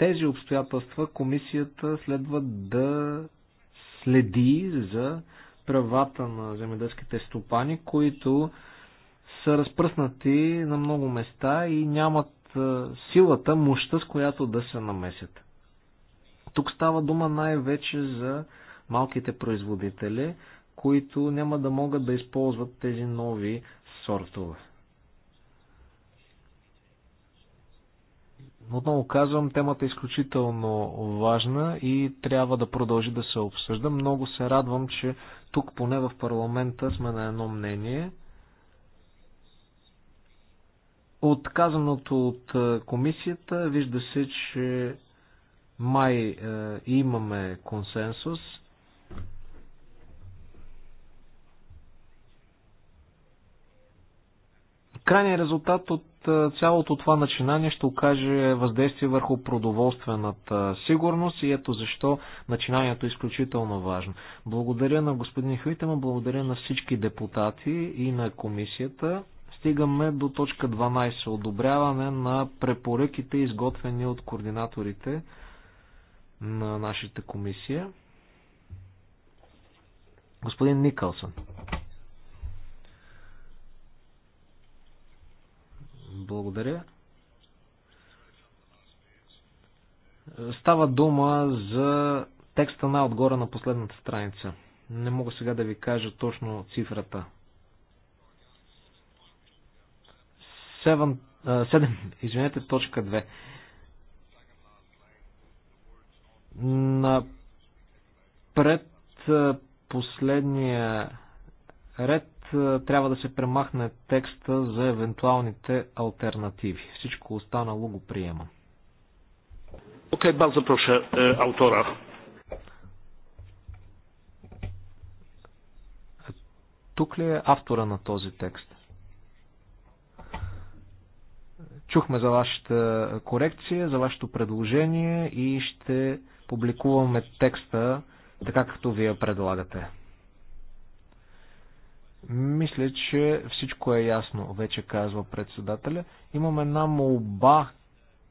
тези обстоятелства комисията следва да следи за правата на земеделските стопани, които са разпръснати на много места и нямат силата, мощта, с която да се намесят. Тук става дума най-вече за малките производители, които няма да могат да използват тези нови сортове. Отново казвам, темата е изключително важна и трябва да продължи да се обсъжда. Много се радвам, че тук поне в парламента сме на едно мнение. Отказаното от е, комисията вижда се, че май е, имаме консенсус – Крайният резултат от цялото това начинание ще окаже въздействие върху продоволствената сигурност и ето защо начинанието е изключително важно. Благодаря на господин Хвитема, благодаря на всички депутати и на комисията. Стигаме до точка 12. Одобряване на препоръките, изготвени от координаторите на нашата комисия. Господин Никълсън. Благодаря. Става дума за текста най-отгоре на последната страница. Не мога сега да ви кажа точно цифрата. 7, 7 извинете, точка 2. На пред последния ред е, трябва да се премахне текста за евентуалните альтернативи. Всичко останало го приема. Окей, okay, бързо проша е, автора. Тук ли е автора на този текст? Чухме за вашата корекция, за вашето предложение и ще публикуваме текста така, както вие предлагате. Мисля, че всичко е ясно, вече казва председателя. Имам една молба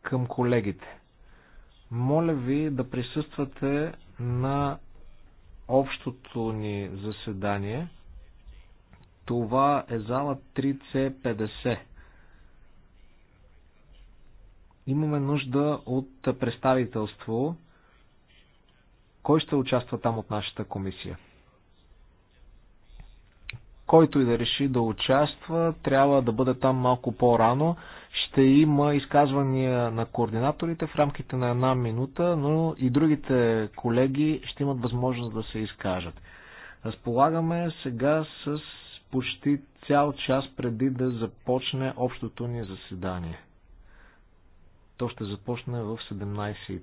към колегите. Моля ви да присъствате на общото ни заседание. Това е зала 3C50. Имаме нужда от представителство. Кой ще участва там от нашата комисия? който и да реши да участва, трябва да бъде там малко по-рано. Ще има изказвания на координаторите в рамките на една минута, но и другите колеги ще имат възможност да се изкажат. Разполагаме сега с почти цял час преди да започне общото ни заседание. То ще започне в 17.30.